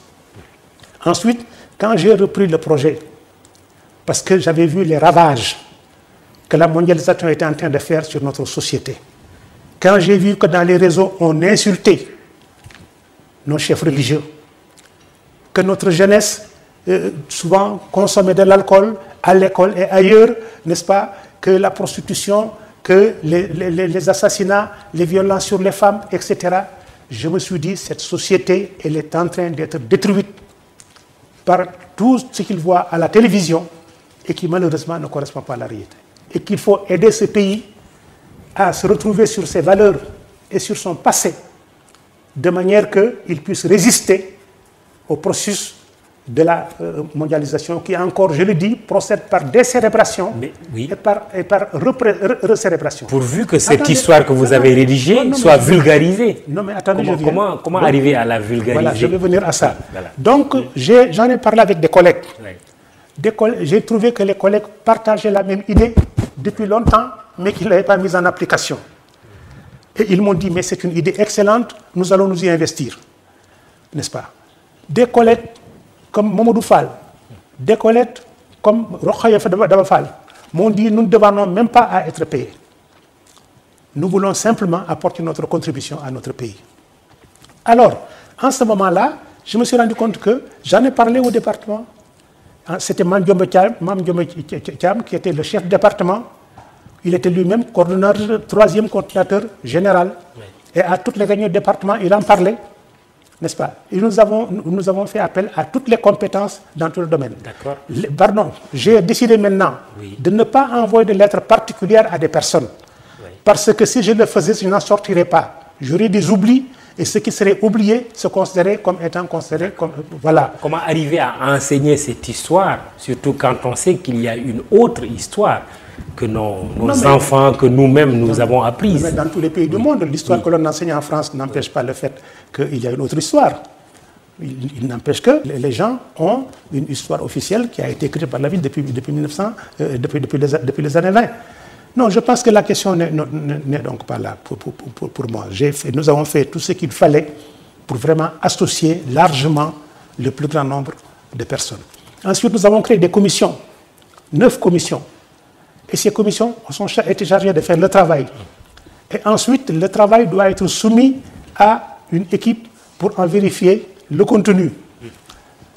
Ensuite, quand j'ai repris le projet, parce que j'avais vu les ravages que la mondialisation était en train de faire sur notre société, quand j'ai vu que dans les réseaux, on insultait nos chefs religieux, que notre jeunesse, euh, souvent consommait de l'alcool à l'école et ailleurs, n'est-ce pas, que la prostitution que les, les, les, assassinats, les violences sur les femmes, etc., je me suis dit, cette société, elle est en train d'être détruite par tout ce qu'il voit à la télévision et qui malheureusement ne correspond pas à la réalité. Et qu'il faut aider ce pays à se retrouver sur ses valeurs et sur son passé, de manière qu'il puisse résister au processus de la euh, mondialisation qui, encore, je le dis, procède par décérébration et par, et recérébration. Pourvu que cette histoire que vous avez rédigée soit vulgarisée. Non, mais attendez, comment, comment, comment arriver à la vulgariser Voilà, je vais venir à ça. Donc, j'en ai, parlé avec des collègues. J'ai trouvé que les collègues partageaient la même idée depuis longtemps, mais qu'ils ne l'avaient pas mise en application. Et ils m'ont dit, mais c'est une idée excellente, nous allons nous y investir. N'est-ce pas Des collègues comme Mamadou Fall, des comme Rokhayev Dabafal m'ont dit nous ne devons même pas à être payés. Nous voulons simplement apporter notre contribution à notre pays. Alors, en ce moment-là, je me suis rendu compte que j'en ai parlé au département. Ah, c'était Mam Thiam qui était le chef de département. Il était lui-même coordonnateur, troisième coordinateur général. Et à toutes les réunions du département, il en parlait n'est-ce pas Et nous avons, nous avons fait appel à toutes les compétences dans tout le domaine. D'accord. Pardon, j'ai décidé maintenant de ne pas envoyer de lettres particulières à des personnes. Parce que si je le faisais, je n'en sortirais pas. J'aurais des oublis et ce qui serait oublié se considérait comme étant considéré comme... Euh, voilà. Comment arriver à enseigner cette histoire, surtout quand on sait qu'il y a une autre histoire que nos, enfants, que nous-mêmes, nous, avons appris. dans tous les pays du monde, l'histoire que l'on enseigne en France n'empêche pas le fait qu'il y a une autre histoire. Il, n'empêche que les gens ont une histoire officielle qui a été écrite par la ville depuis, depuis, 1900, euh, depuis, les, années 20. Non, je pense que la question n'est donc pas là pour, moi. nous avons fait tout ce qu'il fallait pour vraiment associer largement le plus grand nombre de personnes. Ensuite, nous avons créé des commissions, neuf commissions et ces commissions sont été chargées de faire le travail. Et ensuite, le travail doit être soumis à une équipe pour en vérifier le contenu.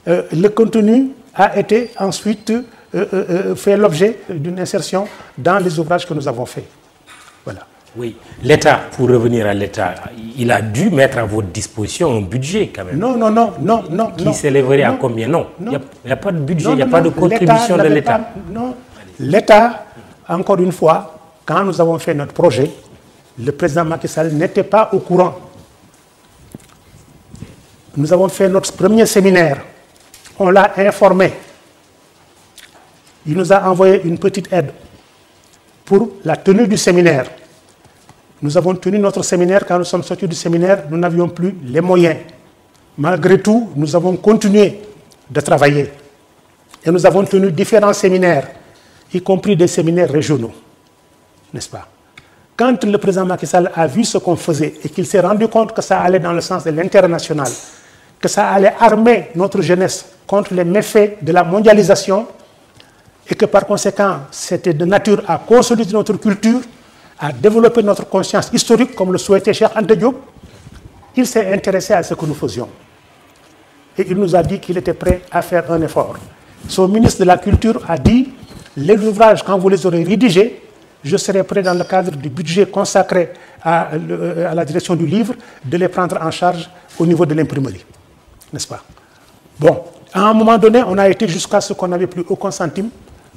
Euh, le contenu a été ensuite euh, euh, fait l'objet d'une insertion dans les ouvrages que nous avons faits. Voilà. Oui, l'État, pour revenir à l'État, il a dû mettre à votre disposition un budget quand même. Non, non, non, non, non. Qui s'élèverait à combien Non, il n'y a, pas de budget, il n'y a pas de contribution de l'État. Non, L'État, encore une fois, quand nous avons fait notre projet, le président Macky Sall n'était pas au courant. Nous avons fait notre premier séminaire. On l'a informé. Il nous a envoyé une petite aide pour la tenue du séminaire. Nous avons tenu notre séminaire. Quand nous sommes sortis du séminaire, nous n'avions plus les moyens. Malgré tout, nous avons continué de travailler. Et nous avons tenu différents séminaires y compris des séminaires régionaux, n'est-ce pas Quand le président Macky Sall a vu ce qu'on faisait et qu'il s'est rendu compte que ça allait dans le sens de l'international, que ça allait armer notre jeunesse contre les méfaits de la mondialisation et que par conséquent, c'était de nature à consolider notre culture, à développer notre conscience historique, comme le souhaitait Cheikh Ante il s'est intéressé à ce que nous faisions. Et il nous a dit qu'il était prêt à faire un effort. Son ministre de la Culture a dit les ouvrages, quand vous les aurez rédigés, je serai prêt dans le cadre du budget consacré euh, à, la direction du livre de les prendre en charge au niveau de l'imprimerie. N'est-ce pas Bon, à un moment donné, on a été jusqu'à ce qu'on n'avait plus aucun centime.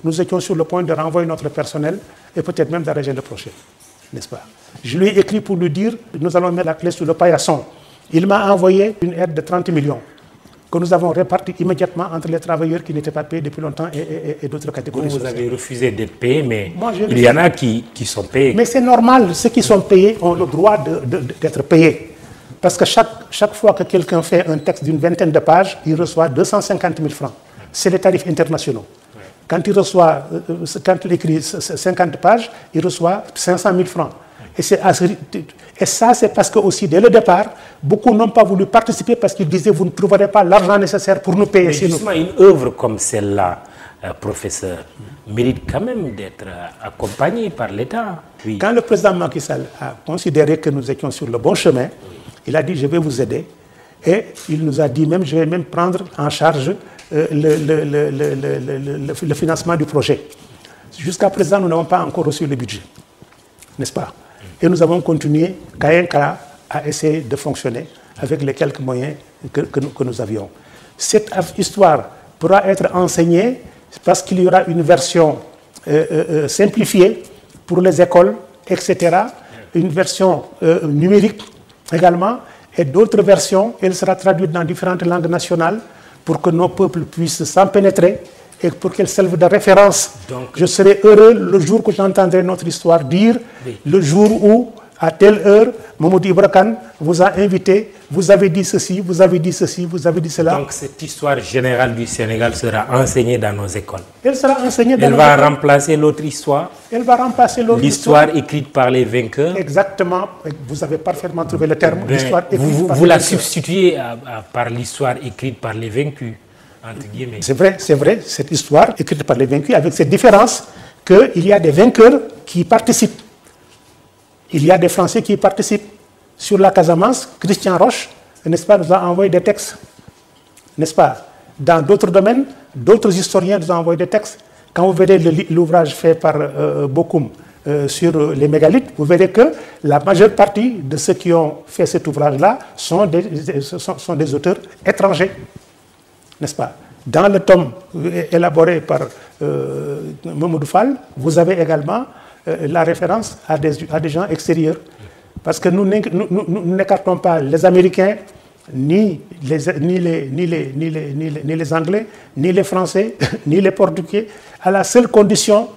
Nous étions sur le point de renvoyer notre personnel et peut-être même d'arrêter le projet. N'est-ce pas Je lui ai écrit pour lui dire nous allons mettre la clé sur le paillasson. Il m'a envoyé une aide de 30 millions que nous avons réparti immédiatement entre les travailleurs qui n'étaient pas payés depuis longtemps et, d'autres catégories. Vous, avez refusé d'être payé, mais il y en a qui, sont payés. Mais c'est normal, ceux qui sont payés ont le droit d'être payés. Parce que chaque, fois que quelqu'un fait un texte d'une vingtaine de pages, il reçoit 250 000 francs. C'est les tarifs internationaux. Quand il reçoit, euh, euh, quand il écrit 50 pages, il reçoit 500 000 francs. Et, ça, c'est parce que aussi, dès le départ, beaucoup n'ont pas voulu participer parce qu'ils disaient, vous ne trouverez pas l'argent nécessaire pour nous payer. Mais une œuvre comme celle-là, euh, professeur, mérite quand même d'être euh, accompagnée par l'État. Quand le président Macky Sall a considéré que nous étions sur le bon chemin, il a dit, je vais vous aider. Et il nous a dit même, je vais même prendre en charge euh, le financement du projet. Jusqu'à présent, nous n'avons pas encore reçu le budget, n'est-ce pas et nous avons continué, cas, à essayer de fonctionner avec les quelques moyens que, nous, avions. Cette histoire pourra être enseignée parce qu'il y aura une version euh, euh, euh, simplifiée pour les écoles, etc. Une version numérique également et d'autres versions. Elle sera traduite dans différentes langues nationales pour que nos peuples puissent s'en pénétrer pour qu'elle serve de référence. Donc, je serai heureux le jour que j'entendrai notre histoire dire, le jour où, à telle heure, Mamoudi Ibrakan vous a invité, vous avez dit ceci, vous avez dit ceci, vous avez dit cela. Donc cette histoire générale du Sénégal sera enseignée dans nos écoles. Elle sera enseignée dans Elle va remplacer l'autre histoire. Elle va remplacer l'autre histoire. L'histoire écrite par les vainqueurs. Exactement. Vous avez parfaitement trouvé le terme. Eh l'histoire Vous, vous, la substituez par l'histoire écrite par les vaincus. C'est vrai, c'est vrai, cette histoire écrite par les vaincus, avec cette différence qu'il y a des vainqueurs qui participent. Il y a des Français qui participent. Sur la Casamance, Christian Roche, n'est-ce pas, nous a envoyé des textes. N'est-ce pas Dans d'autres domaines, d'autres historiens nous ont envoyé des textes. Quand vous verrez l'ouvrage fait par euh, euh, euh sur euh, les mégalithes, vous verrez que la majeure partie de ceux qui ont fait cet ouvrage-là sont des auteurs étrangers n'est-ce pas Dans le tome euh, élaboré par euh, vous avez également euh, la référence à des, gens extérieurs. Parce que nous n'écartons pas les Américains, ni les, ni, les, ni les Anglais, ni les Français, ni les Portugais, à la seule condition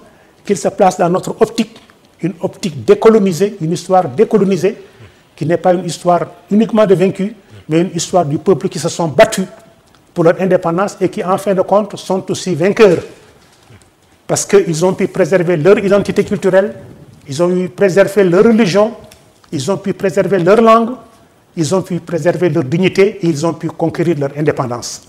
qu'ils se placent dans notre optique, une optique décolonisée, une histoire décolonisée, qui n'est pas une histoire uniquement de vaincus, mais une histoire du peuple qui se sont battus pour leur indépendance et qui, en fin de compte, sont aussi vainqueurs. Parce qu'ils ont pu préserver leur identité culturelle, ils ont pu préserver leur religion, ils ont pu préserver leur langue, ils ont pu préserver leur dignité et ils ont pu conquérir leur indépendance.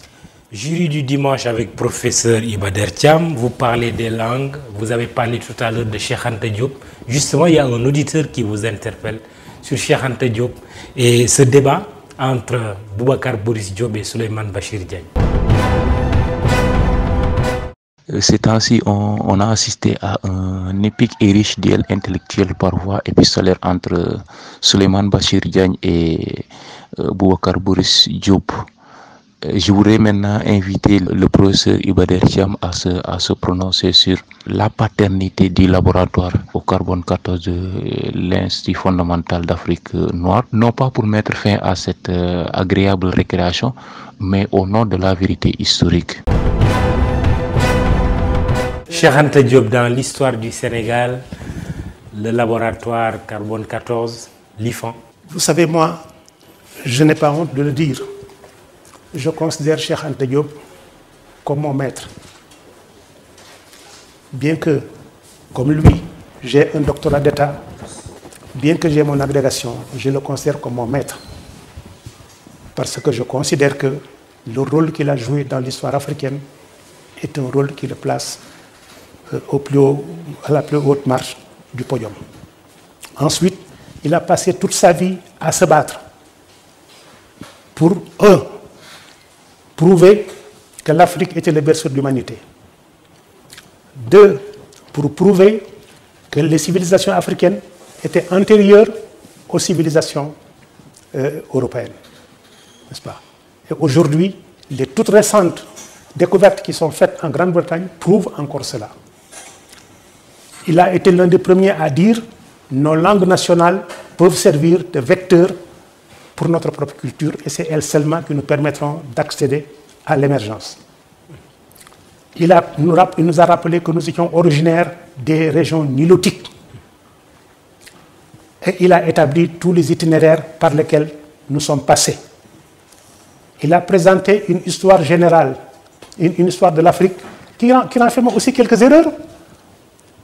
Jury du dimanche avec professeur Ibader Thiam, vous parlez des langues, vous avez parlé tout à l'heure de Cheikh Ante Diop. Justement, il y a un auditeur qui vous interpelle sur Cheikh Ante Diop et ce débat entre Boubacar Boris Diop et Souleymane Bachir Diagne. Euh, ces temps-ci, on, a assisté à un épique et riche duel intellectuel par voie épistolaire entre Souleymane Bachir Diagne et euh, Boubacar Boris Diop. Euh, je voudrais maintenant inviter le professeur Ibader Cham à se, à se prononcer sur la paternité du laboratoire au carbone 14 de euh, l'Institut fondamental d'Afrique euh, noire, non pas pour mettre fin à cette agréable récréation, mais au nom de la vérité historique. Ante Diop, dans l'histoire du Sénégal, le laboratoire carbone 14, l'IFAN. Vous savez, moi, je n'ai pas honte de le dire je considère Cheikh Ante Diop comme mon maître. Bien que, comme lui, j'ai un doctorat d'État, bien que j'ai mon agrégation, je le considère comme mon maître. Parce que je considère que le rôle qu'il a joué dans l'histoire africaine est un rôle qui le place euh, au plus à la plus haute marche du podium. Ensuite, il a passé toute sa vie à se battre pour, eux prouver que l'Afrique était le berceau de l'humanité. Deux, pour prouver que les civilisations africaines étaient antérieures aux civilisations euh, européennes. N'est-ce pas Et aujourd'hui, les toutes récentes découvertes qui sont faites en Grande-Bretagne prouvent encore cela. Il a été l'un des premiers à dire nos langues nationales peuvent servir de vecteurs pour notre propre culture et c'est elle seulement qui nous permettront d'accéder à l'émergence. Il, nous, nous a rappelé que nous étions originaires des régions nilotiques et il a établi tous les itinéraires par lesquels nous sommes passés. Il a présenté une histoire générale, une, histoire de l'Afrique qui, en, fait renferme aussi quelques erreurs.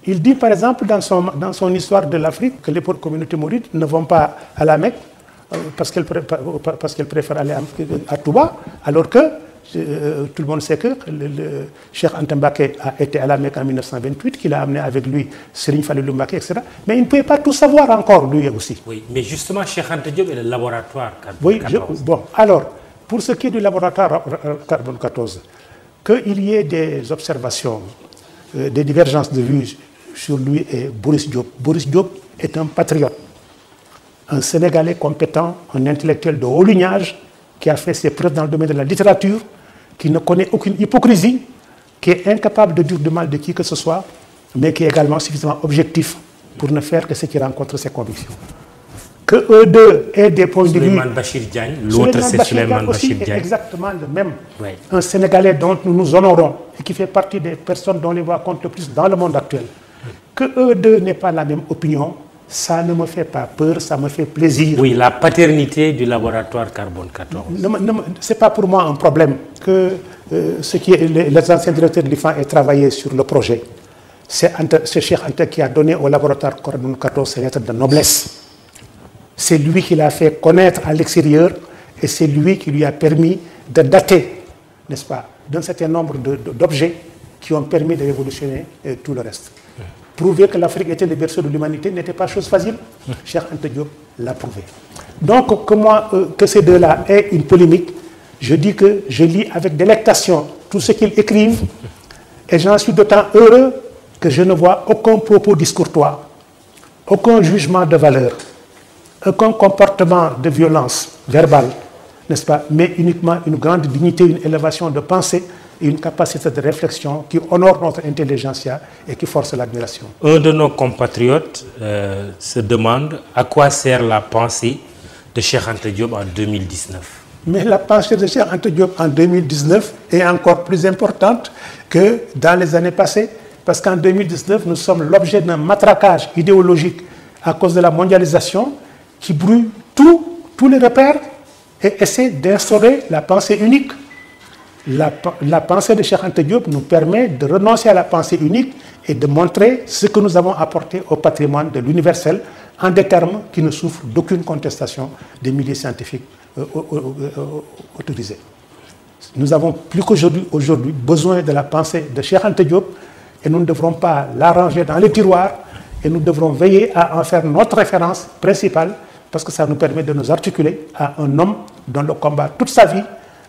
Il dit par exemple dans son, dans son histoire de l'Afrique que les pauvres communautés maurites ne vont pas à la Mecque, parce qu'elle préfère aller à, Touba, alors que euh, tout le monde sait que le, le Cheikh Antembake a été à la Mecque en 1928, qu'il a amené avec lui Serigne Falilou etc. Mais il ne pouvait pas tout savoir encore, lui aussi. Oui, mais justement, Cheikh Ante est le laboratoire carbone bon, alors, pour ce qui est du laboratoire euh, euh, carbone 14, qu'il y ait des observations, des divergences de vues sur lui et Boris Diop. Boris Diop est un patriote un Sénégalais compétent, un intellectuel de haut lignage, qui a fait ses preuves dans le domaine de la littérature, qui ne connaît aucune hypocrisie, qui est incapable de dire du mal de qui que ce soit, mais qui est également suffisamment objectif pour ne faire que ce qui rencontre ses convictions. Que eux deux aient des points de vue. Bachir Diagne, l'autre c'est Suleiman Bachir Diagne. exactement le même. Un Sénégalais dont nous nous honorons et qui fait partie des personnes dont les voix comptent le plus dans le monde actuel. Que eux deux n'aient pas la même opinion, ça ne me fait pas peur, ça me fait plaisir. Oui, la paternité du laboratoire Carbone 14. Ce n'est pas pour moi un problème que euh, ce qui les, anciens directeurs de l'IFAN aient travaillé sur le projet. C'est Cheikh Ante qui a donné au laboratoire Carbone 14 ses lettres de noblesse. C'est lui qui l'a fait connaître à l'extérieur et c'est lui qui lui a permis de dater, n'est-ce pas, d'un certain nombre d'objets qui ont permis de révolutionner euh, tout le reste prouver que l'Afrique était le berceau de l'humanité n'était pas chose facile. Cher Cheikh l'a prouvé. Donc, que, euh, que ces deux-là aient une polémique, je dis que je lis avec délectation tout ce qu'ils écrivent et j'en suis d'autant heureux que je ne vois aucun propos discourtois, aucun jugement de valeur, aucun comportement de violence verbale, n'est-ce pas, mais uniquement une grande dignité, une élévation de pensée une capacité de réflexion qui honore notre intelligentsia et qui force l'admiration. Un de nos compatriotes euh, se demande à quoi sert la pensée de Cheikh Ante Diop en 2019. Mais la pensée de Cheikh Ante Diop en 2019 est encore plus importante que dans les années passées, parce qu'en 2019, nous sommes l'objet d'un matraquage idéologique à cause de la mondialisation qui brûle tous les repères et essaie d'instaurer la pensée unique. La, pensée de Cheikh Ante Diop nous permet de renoncer à la pensée unique et de montrer ce que nous avons apporté au patrimoine de l'universel en des termes qui ne souffrent d'aucune contestation des milieux scientifiques euh, autorisés. Nous avons plus qu'aujourd'hui besoin de la pensée de Cheikh Ante Diop et nous ne devrons pas l'arranger dans les tiroirs et nous devrons veiller à en faire notre référence principale parce que ça nous permet de nous articuler à un homme dont le combat toute sa vie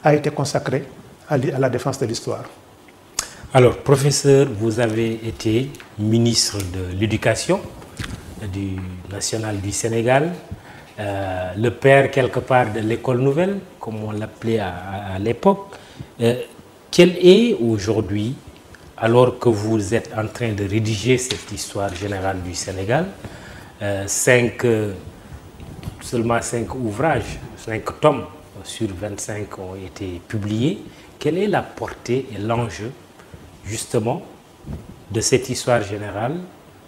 a été consacré à la défense de l'histoire. Alors, professeur, vous avez été ministre de l'Éducation du National du Sénégal, euh, le père quelque part de l'école nouvelle, comme on l'appelait à, l'époque. Euh, quel est aujourd'hui, alors que vous êtes en train de rédiger cette histoire générale du Sénégal, euh, cinq, euh, seulement cinq ouvrages, cinq tomes sur 25 ont été publiés quelle est la portée et l'enjeu justement de cette histoire générale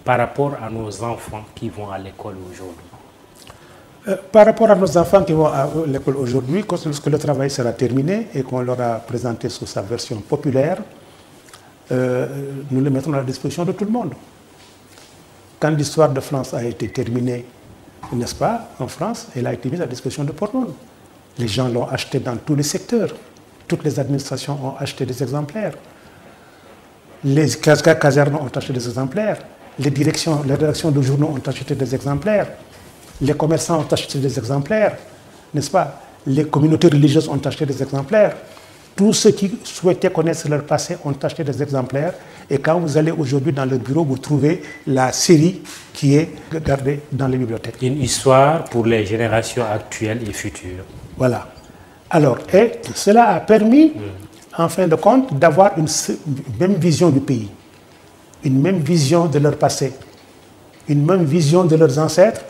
par rapport à nos enfants qui vont à l'école aujourd'hui euh, par rapport à nos enfants qui vont à l'école aujourd'hui, lorsque le travail sera terminé et qu'on leur a présenté sous sa version populaire, euh, nous les mettrons à la disposition de tout le monde. Quand l'histoire de France a été terminée, n'est-ce pas, en France, elle a été mise à la disposition de tout le monde. Les gens l'ont acheté dans tous les secteurs toutes les administrations ont acheté des exemplaires. Les casernes ont acheté des exemplaires. Les directions, les rédactions de journaux ont acheté des exemplaires. Les commerçants ont acheté des exemplaires, n'est-ce pas Les communautés religieuses ont acheté des exemplaires. Tous ceux qui souhaitaient connaître leur passé ont acheté des exemplaires. Et quand vous allez aujourd'hui dans le bureau, vous trouvez la série qui est gardée dans les bibliothèques. Une histoire pour les générations actuelles et futures. Voilà. Alors, et cela a permis, en fin de compte, d'avoir une même vision du pays, une même vision de leur passé, une même vision de leurs ancêtres,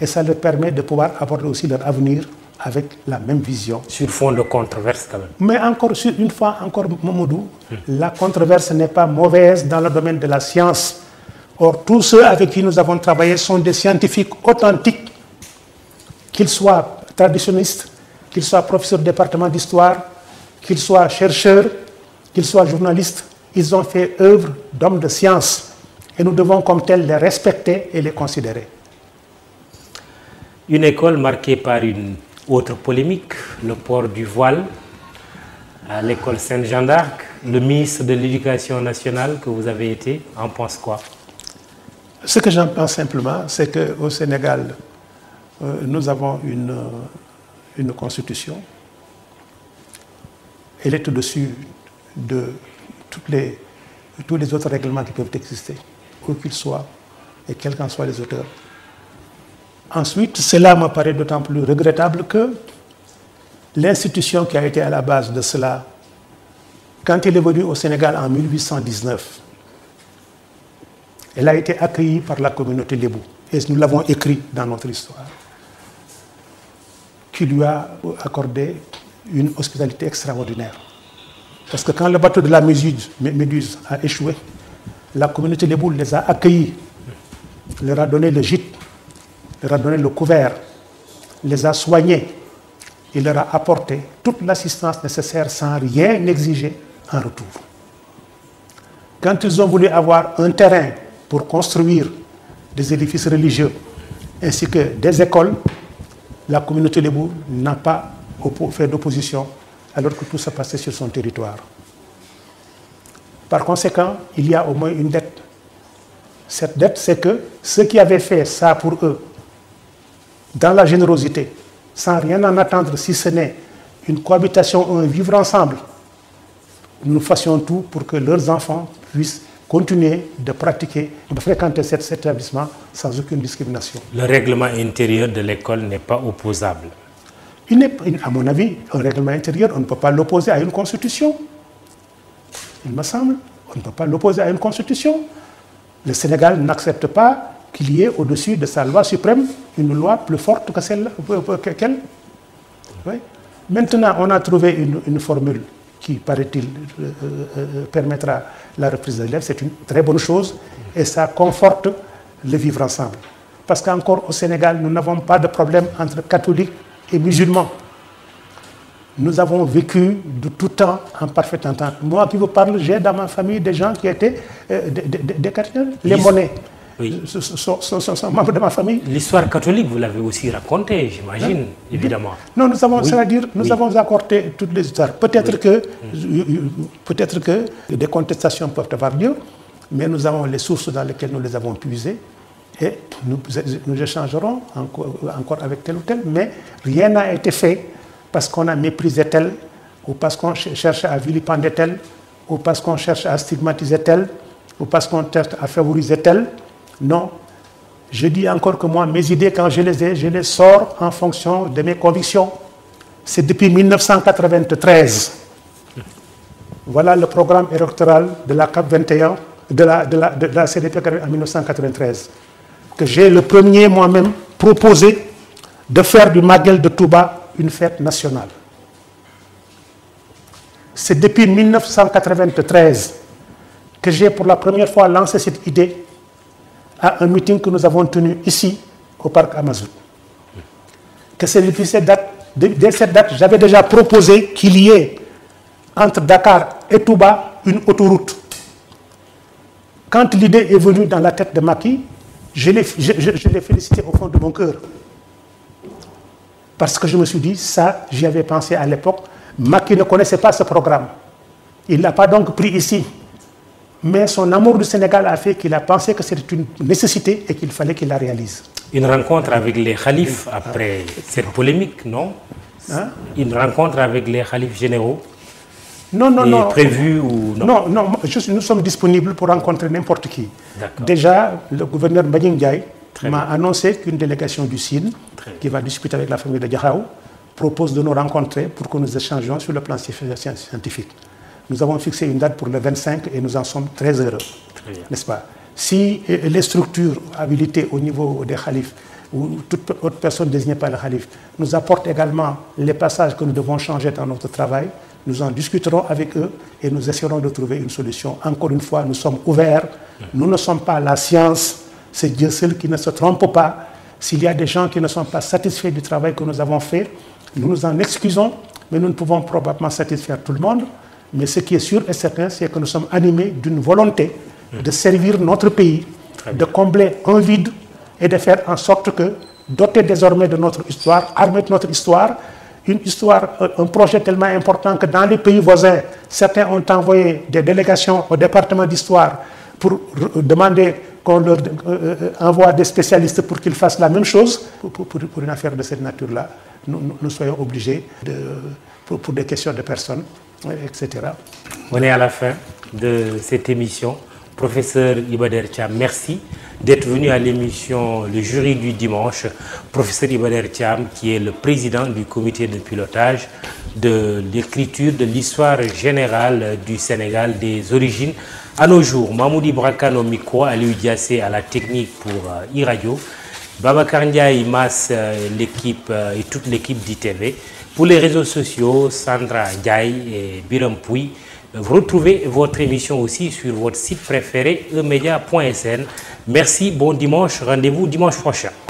et ça leur permet de pouvoir aborder aussi leur avenir avec la même vision. Sur fond de controverse quand même. Mais encore, une fois, encore Momodou, la controverse n'est pas mauvaise dans le domaine de la science. Or, tous ceux avec qui nous avons travaillé sont des scientifiques authentiques, qu'ils soient traditionnistes, qu'il soit professeur du département d'histoire, qu'il soit chercheur, qu'il soit journaliste, ils ont fait œuvre d'hommes de science et nous devons comme tels les respecter et les considérer. Une école marquée par une autre polémique, le port du voile, à l'école saint jean d'Arc, le ministre de l'Éducation nationale que vous avez été, en pense quoi Ce que j'en pense simplement, c'est qu'au Sénégal, euh, nous avons une, euh, une constitution. Elle est au-dessus de toutes les, tous les autres règlements qui peuvent exister, où qu'ils soient et quels qu'en soient les auteurs. Ensuite, cela me paraît d'autant plus regrettable que l'institution qui a été à la base de cela, quand elle est venue au Sénégal en 1819, elle a été accueillie par la communauté Lébou. Et nous l'avons écrit dans notre histoire qui lui a accordé une hospitalité extraordinaire. Parce que quand le bateau de la Méduse, a échoué, la communauté des boules les a accueillis, leur a donné le gîte, leur a donné le couvert, les a soignés et leur a apporté toute l'assistance nécessaire sans rien exiger en retour. Quand ils ont voulu avoir un terrain pour construire des édifices religieux ainsi que des écoles, la communauté Lébou n'a pas fait d'opposition alors que tout se passait sur son territoire. Par conséquent, il y a au moins une dette. Cette dette, c'est que ceux qui avaient fait ça pour eux, dans la générosité, sans rien en attendre, si ce n'est une cohabitation, ou un vivre ensemble, nous fassions tout pour que leurs enfants puissent continuer de pratiquer, de fréquenter cet, établissement sans aucune discrimination. Le règlement intérieur de l'école n'est pas opposable il n'est, à mon avis, un règlement intérieur, on ne peut pas l'opposer à une constitution. Il me semble, on ne peut pas l'opposer à une constitution. Le Sénégal n'accepte pas qu'il y ait au-dessus de sa loi suprême une loi plus forte que celle qu'elle. Maintenant, on a trouvé une formule qui, paraît-il, euh, euh, euh, permettra la reprise des élèves, c'est une très bonne chose et ça conforte le vivre ensemble. Parce qu'encore au Sénégal, nous n'avons pas de problème entre catholiques et musulmans. Nous avons vécu de tout temps en parfaite entente. Moi qui vous parle, j'ai dans ma famille des gens qui étaient des, catholiques, Les monnaies oui. sont, membres de ma famille. L'histoire catholique, vous l'avez aussi racontée, j'imagine, hein? évidemment. Non, nous avons, à dire nous avons accordé toutes les histoires. Peut-être que, mm. euh, euh, peut-être que des contestations peuvent avoir lieu, mais nous avons les sources dans lesquelles nous les avons puisées et nous, échangerons encore, avec tel ou tel, mais rien n'a été fait parce qu'on a méprisé tel ou parce qu'on cherche à vilipender tel ou parce qu'on cherche à stigmatiser tel ou parce qu'on cherche à favoriser tel. Non. Je dis encore que moi, mes idées, quand je les ai, je les sors en fonction de mes convictions. C'est depuis 1993. Voilà le programme électoral de la CAP 21, de la, CDP en 1993, que j'ai le premier moi-même proposé de faire du Maguel de Touba une fête nationale. C'est depuis 1993 que j'ai pour la première fois lancé cette idée à un meeting que nous avons tenu ici, au parc Amazon. Que c'est date, dès cette date, j'avais déjà proposé qu'il y ait entre Dakar et Touba une autoroute. Quand l'idée est venue dans la tête de Maki, je l'ai félicité au fond de mon cœur. Parce que je me suis dit, ça, j'y avais pensé à l'époque. Maki ne connaissait pas ce programme. Il n'a pas donc pris ici mais son amour du Sénégal a fait qu'il a pensé que c'était une nécessité et qu'il fallait qu'il la réalise. Une rencontre avec les khalifs après cette polémique, non hein? Une rencontre avec les khalifs généraux non, non, non. prévue ou non Non, non, nous sommes disponibles pour rencontrer n'importe qui. Déjà, le gouverneur Ndiaye m'a annoncé qu'une délégation du CIN, qui va discuter avec la famille de Diakhao, propose de nous rencontrer pour que nous échangeons sur le plan scientifique. Nous avons fixé une date pour le 25 et nous en sommes très heureux, nest pas Si euh, les structures habilitées au niveau des khalifs ou toute autre personne désignée par le khalif nous apportent également les passages que nous devons changer dans notre travail, nous en discuterons avec eux et nous essaierons de trouver une solution. Encore une fois, nous sommes ouverts, nous ne sommes pas la science, c'est Dieu seul qui ne se trompe pas. S'il y a des gens qui ne sont pas satisfaits du travail que nous avons fait, nous nous en excusons, mais nous ne pouvons probablement satisfaire tout le monde. Mais ce qui est sûr et certain, c'est que nous sommes animés d'une volonté de servir notre pays, de combler un vide et de faire en sorte que, doté désormais de notre histoire, armé de notre histoire, une histoire, euh, un projet tellement important que dans les pays voisins, certains ont envoyé des délégations au département d'histoire pour euh, demander qu'on leur euh, envoie des spécialistes pour qu'ils fassent la même chose. Pour, une affaire de cette nature-là, nous, soyons obligés, pour des questions de personnes, on est à la fin de cette émission. Professeur Thiam, merci d'être venu à l'émission Le jury du dimanche. Professeur Ibader Thiam, qui est le président du comité de pilotage de l'écriture de l'histoire générale du Sénégal des origines à nos jours. Mamoudi Brakano au micro, Aliou à la technique pour e-radio. Euh, Baba Kandia, Imas, euh, l'équipe euh, et toute l'équipe d'ITV. Pour les réseaux sociaux, Sandra Gaï et Biram Pouy, vous euh, retrouvez votre émission aussi sur votre site préféré, emedia.sn. Merci, bon dimanche, rendez-vous dimanche prochain.